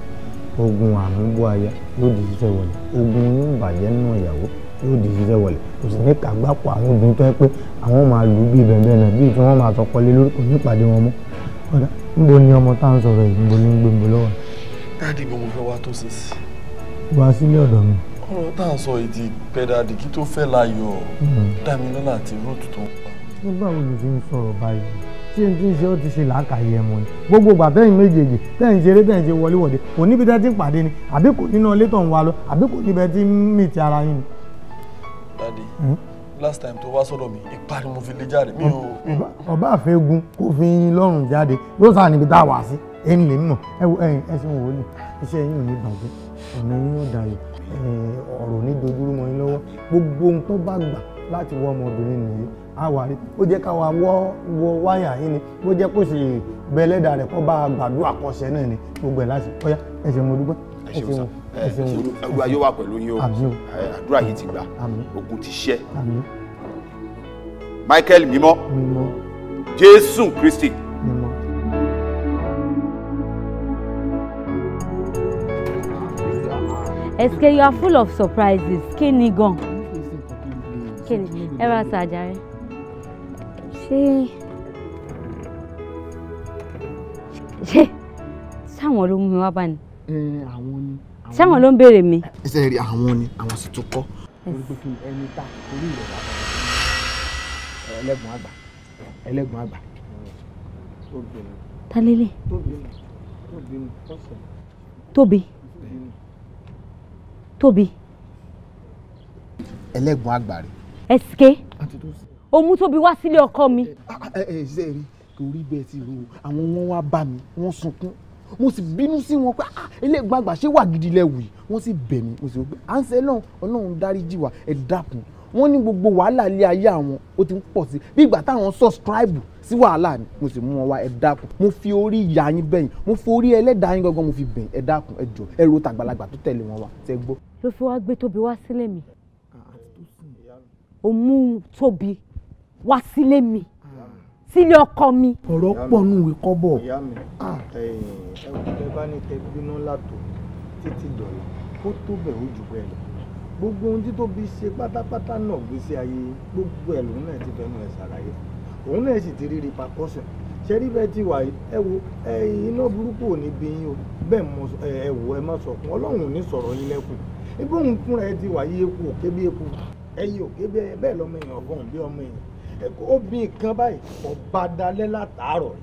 ogun àmúbọ̀ aya yóò di ṣiṣẹ́ wọlé ogun oníbàjẹ́ náà yàwó yóò di ṣiṣẹ́ wọlé kò sì ní kàgbápọ̀ àwọn obìnrin tó yẹ pé àwọn máa lù ú bíi bẹ̀ẹ̀bẹ̀ẹ̀ náà bíi tí wọ́n máa sọ kọ́lé lórí kò wọn mọ́ kódà níbo ni ọmọ tá à ń sọ̀rọ̀ yìí níbo ló ń gbé mi lọ́wọ́. dáàdì bó mo fẹ́ wá tó ṣe sí. wá sílé ọ̀dọ̀ mi. ọ̀rọ̀ tá à ń sọ yìí ti pẹ́ dáàdì kí tó fẹ́ láyọ̀ hmm. dámilọ́lá àti rúùtù tó ń pa. nígbà wo ló ti ń sọ̀rọ̀ báyìí tí n tí ń ṣe ó ti ṣe làákàyè ẹ̀mọ́ ni gbogbo ìgbà tẹ́yìn méjèèjì tẹ́yìn ṣeré tẹ́yìn ṣe wọléwọ̀de kò níbi tẹ́ ti ń pàdé ni àbí kò nínú ilé tó ń wa lọ àbí kò níbi tẹ́ ń mì ti ara yín ni. Ṣadé hmm? last time tó wá sọ́dọ̀ mi ìparí mo fi lè jáde mi ò. ọba àfẹ́gun kò fi yín lọ́rùn jáde yóò sàn níbi tá a wà sí èmi lè mọ̀ ẹ wo ẹyin ẹ ṣe wò ó lè iṣẹ́ yín ò ní bàjẹ́ ọ̀nà yín ò dàrú ọ̀rọ̀ ní dojúrú mọ́ yín lọ́wọ́ gbogbo ohun tó bá gbà láti wọ ọmọbìnrin nìyí àwárí ó jẹ́ káwa wọ́ wọ wáyà yín ni bó jẹ́ kó sì bẹ́lẹ́dà rẹ̀ kọ́ bá gbàdúrà kọ́ṣẹ́ náà ni gbogbo ẹ̀ láti kọ́yá ẹ ṣe mo dúpẹ́ ẹ ṣe mo olúwa yóò wà pẹ̀lú yín o àdúrà yìí ti gbà ogun ti ṣẹ́ Michael mímọ́ Jésù Kristi. Eske, you are full of surprises. Kí ni gan? Kí ni? Ẹ bá ta àjàre. Ṣé ṣé sáwọn ló mú mi wá bá ni? Ẹ àwọn ni ṣáwọn ló ń béèrè mi. ẹsẹ̀ rí àwọn ni àwọn sì tún kọ́. ẹni ta orí rẹ̀ wà ẹlẹ́gùn àgbà ẹlẹ́gùn àgbà. ta lélẹ̀. tóbi tóbi. ẹlẹ́gùn àgbà rẹ̀. ẹ̀sìké òun tóbi wá sílé ọkọ mi. ẹ ẹ ṣe rí torí bẹ́ẹ̀ ti rò àwọn wọn wá bá mi wọ́n sunkún mo sì bínú sí wọn pé eléègbọ́n ah, àgbà ṣé wà gidi lẹ́wì wọ́n sì bẹ̀ mí mo sì rò pé à ń sẹ́ náà ọlọ́run dáríjì wá ẹ̀ dákun wọ́n ní gbogbo wàhálà ilé ayé àwọn ó ti ń pọ̀ sí bí ìgbà táwọn subscribe sí wàhálà ni mo sì mú wọn wá ẹ dákun mo fi orí ìyá yín bẹ̀yìn mo fi orí ẹlẹ́dàá yín gangan mo fi bẹ̀yìn ẹ dákun ẹ jọ ẹ ro tàgbàlagbà tó tẹ̀lé wọn wá tẹ gbọ́. ló fi wá gbé tóbi wá sílé mi ah, ó mú tóbi wá sílé mi sílé ọkọ mi. ọ̀rọ̀ pọ̀ nù ìwé kọ́bọ̀. ìyá mi ah. ẹ bá ní tẹ gbiná látò títí dọ̀la ó tó bẹ̀ ó jù bẹ́ẹ̀ lọ gbogbo ohun tí tóbi ṣe pátápátá náà gbèsè ayé gbogbo ẹ̀ lòun náà ti fẹnu ẹ̀ ṣàlàyé òun náà sì ti rí rí pakọ́sùn ṣẹ́rí bẹ́ẹ̀ ti wà ẹ wo iná burúkú ò ní bí o bẹ́ẹ̀ mọ ẹ wò ẹ má sọkún ọlọ́run ò ní sọ̀rọ̀ yín lẹ́kùn òun fúnra ẹ ti wà yí eku òkè eku ẹyẹ òkè bẹ́ẹ̀ lọ́mọ èèyàn ọgọ́rùn bí ọmọ èèyàn obìnrin kan báyìí ọba dalẹ́ látàárọ̀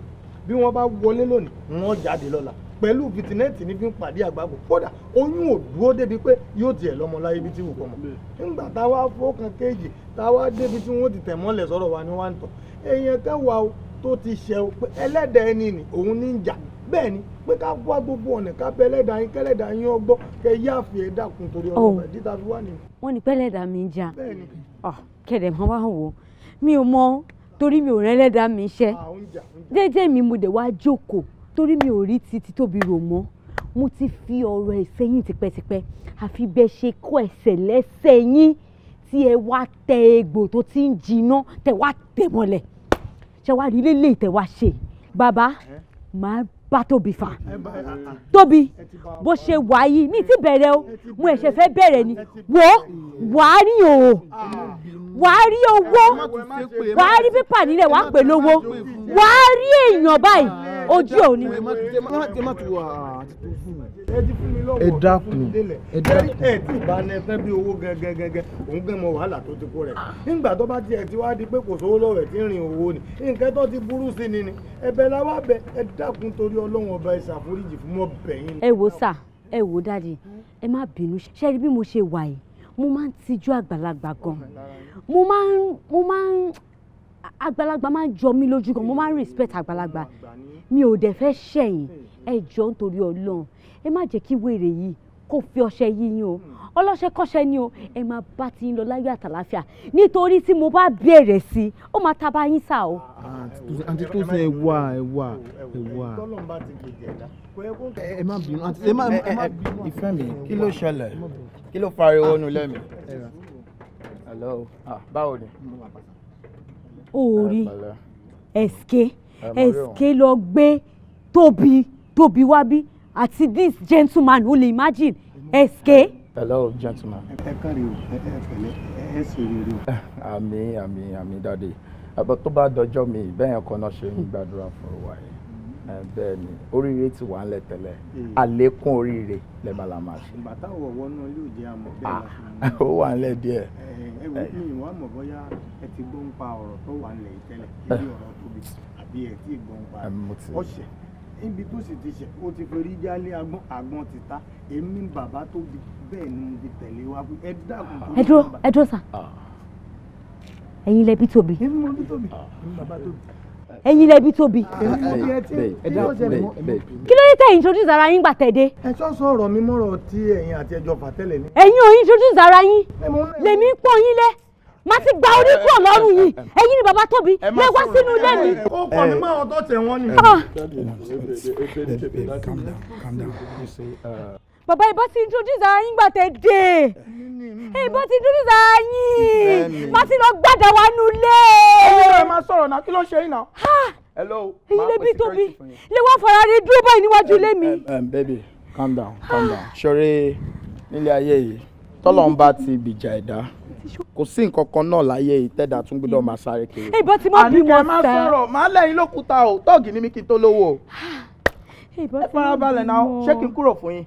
bí wọ́n bá wọlé lónìí wọ́n jáde lọ́la pẹ̀lú fìtínẹ́ẹ̀tì ní fi ń pàdé àgbàgbò kódà oyún ò dúró débi pé yóò tiẹ̀ lọ́mọ láyé bí tí wò kọ́mọ. nígbà táwa fọ́kàn kéèjì táwa débi tí wọ́n ti tẹ̀ mọ́lẹ̀ sọ̀rọ̀ wa ni wọ́n ń tọ̀ èèyàn kan wà o tó ti ṣe o pé ẹlẹ́dàá ẹni ni òun ní ń jà bẹ́ẹ̀ ni pé ká wá gbogbo ọ̀nà ká bẹ ẹlẹ́dàá yín kẹ́lẹ́dàá yín ọgbọ́n kẹ yá ẹ̀dá kun torí ọlọ́pàá oh. dídá fi wà nínú. wọ́n ní pẹ́lẹ́dàá mi ń jà ah, kẹ̀dẹ̀ mọ́ wá wò ó mi ò mọ torí mi ò rẹ́lẹ́dà mi ṣẹ́ ah, jẹ́jẹ́ mi mo dẹ̀ wá jókòó torí mi ò rí ti títóbi rò mọ́ mo ti fi ọ̀rọ̀ ẹ̀ sẹ́yìn tipẹ́tipẹ́ àfi bẹ́ẹ̀ ṣe kó ẹsẹ̀ lẹ́sẹ̀ yín tí ẹ wá tẹ egbò tó ti ń jiná tẹ wá tẹ mọ́lẹ̀ ṣe wá rí lélẹ̀ tẹ wá ṣe bàbá màá bá tóbi fà tóbi bó ṣe wà yìí mi ti bẹ̀rẹ̀ o mo ẹ̀ṣẹ̀ fẹ́ bẹ̀rẹ̀ ni wò ó wà á rí o ah. wà á rí owó wà á rí pépà nílẹ̀ wà á pè lówó wà á rí èèyàn báyìí. Ah ojú ò ní. ẹ dákun ẹ dákun. ẹ tí ìbáná fẹ́ bí owó gẹ́gẹ́gẹ́gẹ́ òun gẹ́ mọ wàhálà tó ti kó rẹ̀ nígbà tó bá tiẹ̀ ti wá di pé kò sówó lọ́wọ́ ẹ̀ tí ń rìn owó ni nǹkan tó ti burú sí ni ni ẹ̀bẹ̀ la wá ẹ dákun torí ọlọ́run ọba ẹ̀ ṣàforíjì fún mọ́ bẹ̀yìn. ẹ wo sà ẹ wo dáàdi ẹ má bínú ṣe bí mo ṣe wà yìí mo máa ń tijú àgbàlagbà gan mo máa ń mo máa ń àgbàlagbà máa ń jọ mí lójú gan mo máa ń respect àgbàlagbà mi ò dẹ̀ fẹ́ ṣẹ̀yìn ẹ jọ nítorí ọlọ́run ẹ má jẹ́ kí wèrè yìí kò fi ọṣẹ yíyan o ọlọ́ṣẹ kọ́ṣẹ ni o ẹ máa bá ti ń lọ láyé àtàláfíà nítorí tí mo bá bẹ̀rẹ̀ sí i ó máa ta bá yín sá o. àǹtí tó sọ ẹ wà ẹ wà ẹ wà ẹ má bínú àǹtí ẹ má bínú. ìfẹ́ mi kí ló ṣẹlẹ̀ kí ló fariwo nu lẹ́mi. hello ah, báwo ni. orí ẹ̀sìkè ẹ̀sìkè lọ gbé tóbi tóbi wá bí àti this gentleman o lè imagine ẹ̀sìkè. hello gentleman. ẹ káre o ẹ fẹlẹ ẹ sì rere o. àmì àmì àmì dáadé àbọ̀ tó bá dọjọ́ mi bẹ́ẹ̀ kan náà ṣe ń gbàdúrà fún wa yìí bẹ́ẹ̀ ni oríire ti wà ńlẹ̀ tẹ́lẹ̀ eh. àlékún oríire lẹ́ máa la máa ṣe. bàtà wọ̀ wọnú ilé òde àmọ̀ bẹ́ẹ̀ la fún mi. ó wà ńlẹ̀ díẹ̀. Eh, ẹ ẹ wo eh. mi ìwà mọ̀ bóyá ẹ ti gbóǹpa ọ̀rọ̀ tó wà ńlẹ̀ yìí tẹ́lẹ̀ ibi ọ̀rọ̀ tóbi àbí ẹ̀ tí ìgbọ̀n pa ọ̀ṣẹ̀ níbi tó sì ti ṣẹ̀ ó ti forí jálé agbọ́n àgbọn ti ta èmi bàbá tó bi bẹ́ẹ̀ ni mo fi tẹ̀lé wa pé ẹ dákun tó ń bá. ẹ dúró ẹ dúró sà ah. ẹ̀yin lẹbi tóbi. èmi mo bí tóbi ah. èmi bàbá tóbi ẹ̀yin lẹbi tóbi. Ah, kí ló dé tẹ introduce ara yín gbà tẹ̀dé. ẹ sọ sọ̀rọ̀ mi mọ́rọ̀ tí ẹ̀yin àti ẹjọ́ fà tẹ́lẹ̀ ní. ẹ̀yin ò introduce ara yín lèmi ń pọ́n yín lẹ́ má ti gba orí kúrò lọ́rùn yìí ẹ̀yin ni bàbá tóbi lè wá sínú ilé mi. ó kọ́ mi máa tọ́ tẹ̀ wọ́n ni. Ah. calm down calm down. bàbá ìbọn ti introduce ara yín gbà tẹ dé ìbọn ti introduce ara yín má ti lọ gbàdá wa nulẹ̀. ẹni ló máa sọ̀rọ̀ náà kí ló ṣe yín náà. èyí lè bí tóbi lè wá fara rẹ dúró báyìí níwájú ilé mi. baby calm down calm down ṣọ̀rẹ́ nílé ayé yìí tọ́lọ́ ń bá ti bìjà ẹ̀dá kò sí nǹkan kan náà láyé ìtẹ́dà tún gbọ́dọ̀ máa sáré kiri. ìbọn tí mo bí wọn sẹ́. àníkẹ́ máa sọ̀rọ̀ máa lẹ́yìn lókùúta o tọ́ọ̀gì ní mi kí n tó lówó o. ẹ fara balẹ̀ náà ṣé kí n kúrò fún yín.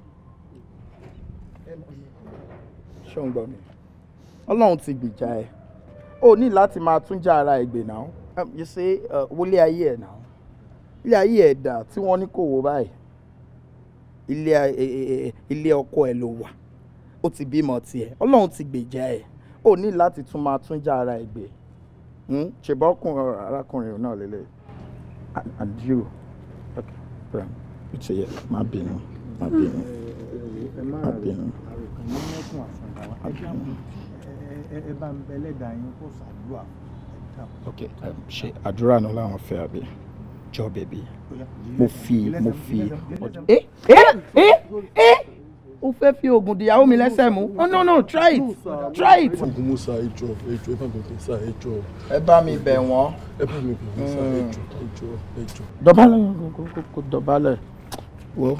ṣé ń gbọ́ mi ọlọ́run ti gbìjà ẹ̀ o ní láti máa tún já ara ẹ̀ gbè náà um, you see uh, wọlé ayé ẹ̀ náà ilé ayé ẹ̀ dà tí wọ́n ní kò wò báyìí ilé e, e, e, ọkọ ẹ̀ ló wà ó ti bímọ tiẹ̀ ọlọ́run ti gbèjà ẹ̀ ó ní láti tún máa tún já ara ẹgbẹ́ hmm? ṣèbọ́kùn arákùnrin náà lélẹ̀ àdìrò ìṣẹ̀yẹ má bínú má bínú má bínú. ẹ bá ń bẹ lẹ́dàá yín kó ṣàdúrà. ok um, ṣe àdúrà náà làwọn fẹ́ àbí jọ bèbí mo fi mo fi ọjọ́ ó fẹ́ fi oògùn dìyàwó mi lẹ́sẹ̀ mú oh no no try it try it. oògùn mo sa ẹjọ ẹ bá mi bẹ sa ẹjọ. ẹ bá mi bẹ̀ wọ́n. ẹ bá mi bẹ̀ wọ́n sa ẹjọ ẹjọ ẹjọ. dọ̀bálẹ̀ kò dọ̀bálẹ̀ wo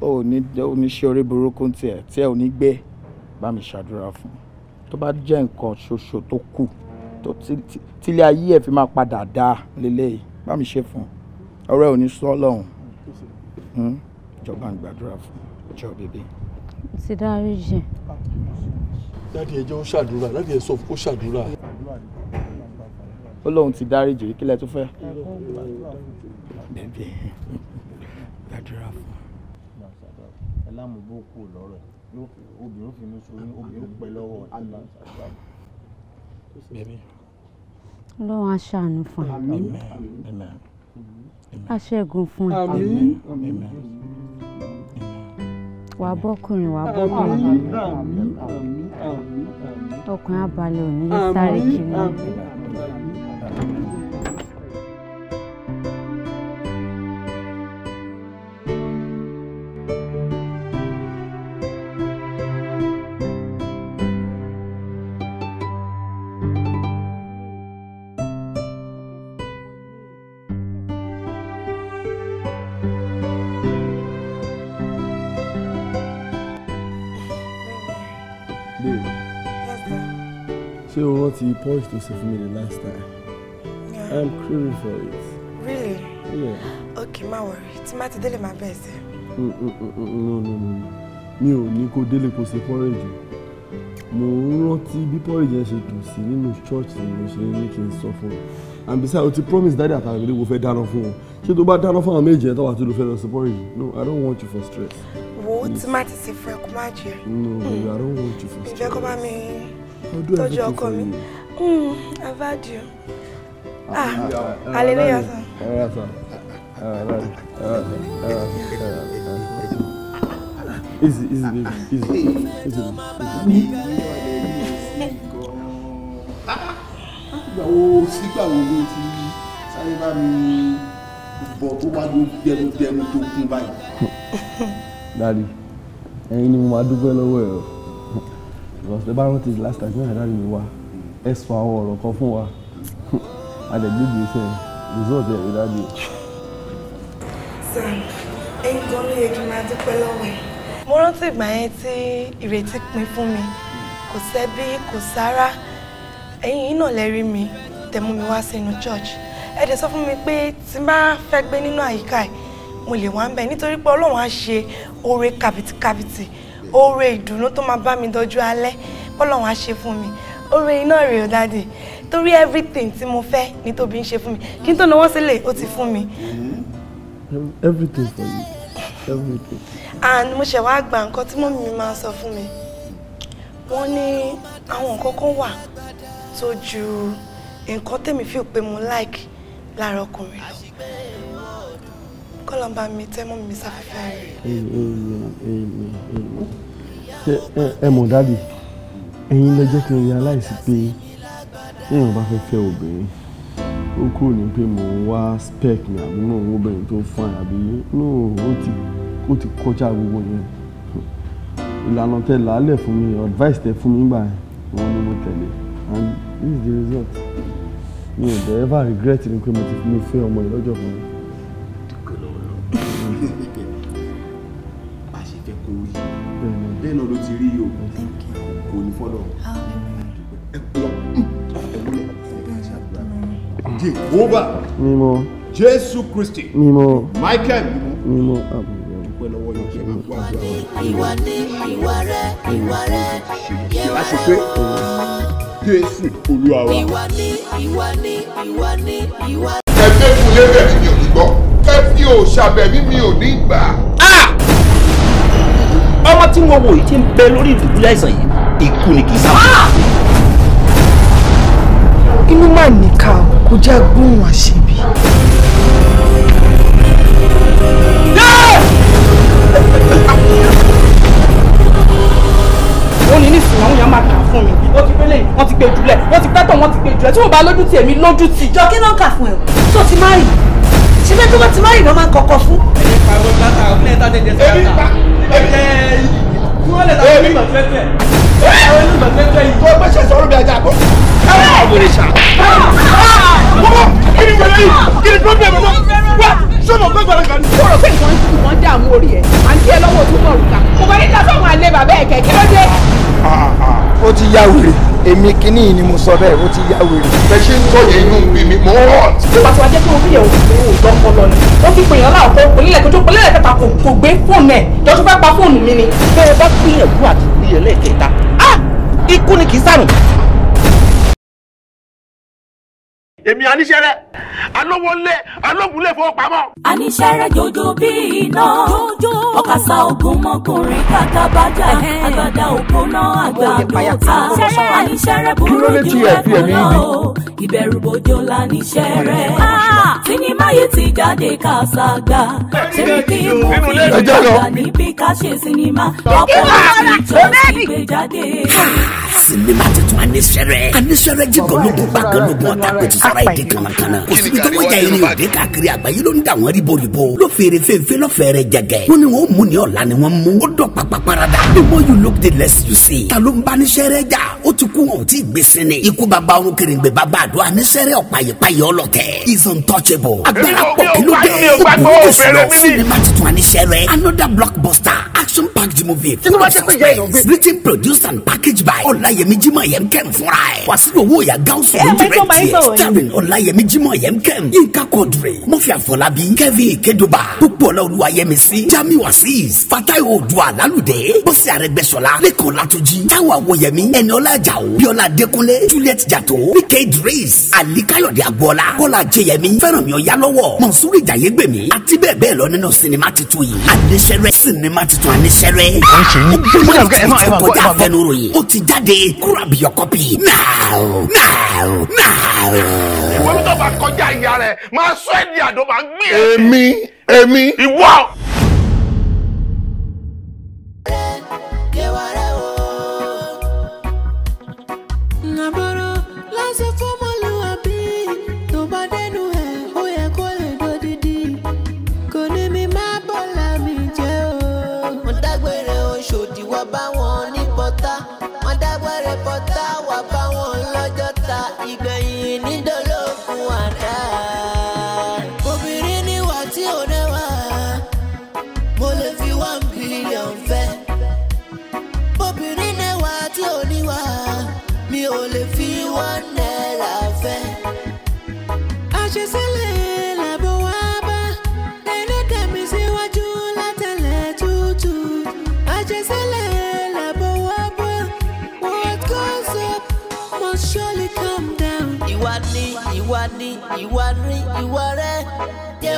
o ò ní o ní ṣe orí burúkú tiẹ̀ tí ẹ ò ní gbé bá mi ṣàdúrà fún tó bá jẹ́ nǹkan ṣoṣo tó kù tó tílé ayé ẹ̀ fi máa padà dáa lélẹ́yìí bá mi ṣe fún ọ̀rẹ́ ò ní lọ́hùn-ún hmm? ìjọba ń gbàdúrà fún ìjọ bíbí ti dáríjì. dáàdi ẹjọ́ ó ṣàdúrà dáàdi ẹ sọ fún kó ṣàdúrà. ó lóun ti dáríjì kí lẹ tún fẹ́. bẹ́ẹ̀ gbàdúrà fún un. ẹ lámùbó kù lọ́rọ̀ obìnrin finú sóyún obìnrin pẹ́ lọ́wọ́ bẹ́ẹ̀ni. ọlọ́run á ṣàánú fún un. àṣẹ́gun fún un. àmín. àmín. àmín wà á bọ́kùnrin wà bọ́kùnrin ọkùnrin abalẹ̀ ò sáré kiri. So o rántí porridge tó ṣe fún mi the last time yeah. i'm craving for it. really yeah. okay my worry It's má ti délé máa bẹ̀ẹ̀ sẹ́. no no no Me, ò ní kó délé kó ṣe porridge mo ń rántí bí porridge yẹn ṣe dùn sí nínú church ni mo ṣe ní kí n sọ fún un and besides o ti promise daddy àtàwọn ìdílé wo fẹ́ dáná fún wọn ṣé tó bá dáná fún àwọn méjì yẹn tó wà tó lọ fẹ́ lọ sí porridge no i don't want you for stress. wo tí má ti ṣe fún kó má jẹ. no baby i don't want you for stress. ǹjẹ́ kó bá mi tọ́jú ọkọ mi hmm, I've had you ah hallelujah sir. Easy, easy, baby. Easy, easy, easy. Ìgbàwo sígbàwo ló ti sáré bá mi bọ̀ tó wá ló dẹnu dẹnu tó kún báyìí. Dádì, ẹ̀yin ni mo máa dúpẹ́ lọ́wọ́ ẹ̀ o because the baron is last time ní àdáni mi wá ẹ sọ àwọn ọ̀rọ̀ kan fún wa àdẹ̀gbẹ́gbẹ́ iṣẹ́ result ẹ̀ ìdájọ́. sam ẹ̀yin gan ló yẹ kí n máa dúpẹ́ mo rántí ìgbà yẹn tí ìrètí pin fún mi kò sẹ́bí kò sára ẹ̀yin náà lẹ rí mi tẹ́ mi wá sínú church ẹ dẹ̀ sọ fún mi pé tí n bá fẹ́ gbé nínú àyíká ẹ̀ mo lè wá ń bẹ̀ nítorí pé ọlọ́run á ṣe oore kàbìtìkàbìtì. Kabiti oore ìdùnnú tó máa bá mi dọjú alẹ́ kọ́lọ́run á ṣe fún mi oore iná rèé o dáàdì torí everything tí mo fẹ́ ni Tóbi ń ṣe fún mi kí n tó náwó sílẹ̀ ó ti fún mi. Mm-hmm. everything for you everything. and mo ṣẹ̀ wá gba nǹkan tí mọ́mí mi máa sọ fún mi wọ́n ní àwọn nǹkan kan wà tó ju nǹkan tèmi fi pé mo like lára ọkùnrin lọ kọ́lọ́mbà mi tẹ́mọ́ mi sáfẹ́fẹ́ rẹ̀. ẹ mọ̀ dáàbì ẹ̀yin lẹ jẹ́ kí n realize pé èèyàn bá fẹ́ fẹ́ obìnrin ó kúrò ní pé mò ń wá spec mi àbí mò ń obìnrin tó fine àbí no ó ti kọjá gbogbo yẹn ìlànà tẹ làálẹ̀ fún mi advice tẹ fún mi gbà wọn ni mo tẹ̀lé and this is the result mi ò dẹ̀ ever regret ni pé mo ti fi mi fẹ́ ọmọ yìí lọ́jọ́ kan. rí o kò ní fọ́lọ̀ jehovah mímọ́ jésù kristi mímọ́ michael mímọ́ dúpẹ́ lọ́wọ́ jésù olúwa ẹgbẹ́ fún lébẹ̀ mi ò ní gbọ́ ẹ fi òòṣà bẹ̀ mí mi ò ní gbà ọmọ tí mo wò yìí ti ń bẹ lórí ìdùbúlẹ̀ àìsàn yìí ikú ni kì í sábà. inú mà níkà kò já gbóhùn àṣebí. ó ní nísìnyí àwọn èèyàn máa kà fún mi wọ́n ti gbélé wọ́n ti gbé jùlẹ̀ wọ́n ti pẹ́tọ̀ wọ́n ti gbé jùlẹ̀ tí mo bá lójú tì èmi lójú tì. jọ kí ló ń kà fún ẹ tó ti máa rìn ṣé bẹ́ẹ̀ tó bá ti máa rìn ló máa ń kọ̀kọ̀ fún. èyí pa ọgbọ́n látara ọ̀gbìn ẹ̀ta jẹjẹrẹ sí àtà kí wọ́n lè ta àwọn onímọ̀ tẹ́tẹ́ àwọn onímọ̀ tẹ́tẹ́ yìí. wọ́n gbé ṣẹ̀ṣẹ̀ ọ̀rọ̀ wá sọ̀nà pé gbàlagbà ni. o rò pé nǹkan ìtùtù kan dààmú orí ẹ à ń lọ́wọ́ tó mọ̀ òrùka kò bá nígbà fáwọn alẹ́ bàbá ẹ̀ kẹ̀ kí ló dé. ó ti ya wèrè èmi kínní yìí ni mo sọ bẹ́ẹ̀ ó ti ya wèrè. bẹ́ẹ̀ ṣe ń sọ yẹn inú mi mi mọ́ ọ́. tó bá ti wá jẹ́ pé orí ẹ̀ ò gbọ́ ọpọlọ ni ó fi pèèyàn èmi aníṣẹ́rẹ́ alówólé alógunlé fowópamọ́. aníṣẹ́rẹ́ jòjò bí iná ọ̀kasà ogun mọ́kùnrin kàkàbájà àgbàdà òpónà àgbà lóta aníṣẹ́rẹ́ burú ju ẹ̀kún lọ ìbẹ̀rù bòjò laníṣẹ́rẹ́ sinimá yìí ti jáde kàṣàgbà ṣebí kí mú fi ìgbà níbi ká ṣe sinimá lọ́pọ̀ láti jọ sí jáde. sinimá tuntun aníṣẹ́rẹ́ aníṣẹ́rẹ́ jígọ̀ lógun gbàgbọ́ lógun ọ̀tá pẹ̀tù sá ara èdè kànàkànà òsibí tó wọ́n jà yẹn ni òde káàkiri àgbáyé ló ń dà wọ́n ríboríbo ló fèrè fèfé lọ́fẹ̀ẹ́rẹ́ jẹgẹ́ wọ́n ní wọ́n mú ni ọ̀la ni wọ́n mú ó dọ̀ pàpà parada the more you look the less you see ta ló ń bá ní sẹ́rẹ́ jà ó ti kú wọn ò tí ì gbé sinmi ikú bàbá orun kèrèǹgbè bàbá àdúrà ní sẹ́rẹ́ ọ̀páyìpáyì ọlọ́tẹ̀ is untouchable agbára pọ̀ kí ló dé òkú tó sọ̀rọ̀ sinimá tuntun àníṣẹ́rẹ́ another blockbuster action packed movie full of suspense written produced and packaged by ọ̀làyẹmí jimoh yẹn kẹ́ ń fúnra ẹ̀ wàsíù owó ìyá gáúsù ló direct yẹ starring benjamin ọláyẹmí jimoh yemkem yinka quadri mọfì àfọlábí kevin ikeduba púpọ̀ ọlọ́ọ̀lù ayẹmísí jamiu asis fatai odua lálùdẹ bọ́sẹ̀ arẹgbẹ́sọ̀la lẹ́kọ̀ọ́ látúnjì táwọn àwọyẹmí ẹni ọlá jàó bíọ́lá adékúnlé juliet jàtó wike idris alikayode agboola kọ́lá jẹyẹmí fẹ́rànmi ọ̀yálọ́wọ́ mọ̀nsúrì jàyégbèmí àti bẹ́ẹ̀ bẹ́ẹ̀ lọ nínú sinimá titun yìí anisẹ́rẹ́ sinimá titun anisẹ́rẹ́ kọjá àfẹnuròyìn ó ti jáde grab your copy now now now ìwé mi tó bá kọjá ìyá rẹ̀ máa sọ ẹ́ di àdó máa gbé ẹ̀. èmi èmi. ìwọ.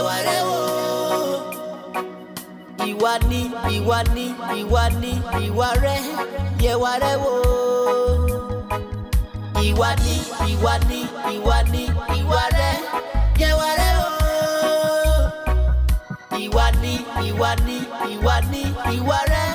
àwárẹ̀ o. ìwà ni ìwà ni ìwà ni ìwà rẹ̀ yẹ wá rẹ̀ o. ìwà ni ìwà ni ìwà ni ìwà rẹ̀ yẹ wá rẹ̀ wò. ìwà ni ìwà ni ìwà ni ìwà rẹ̀.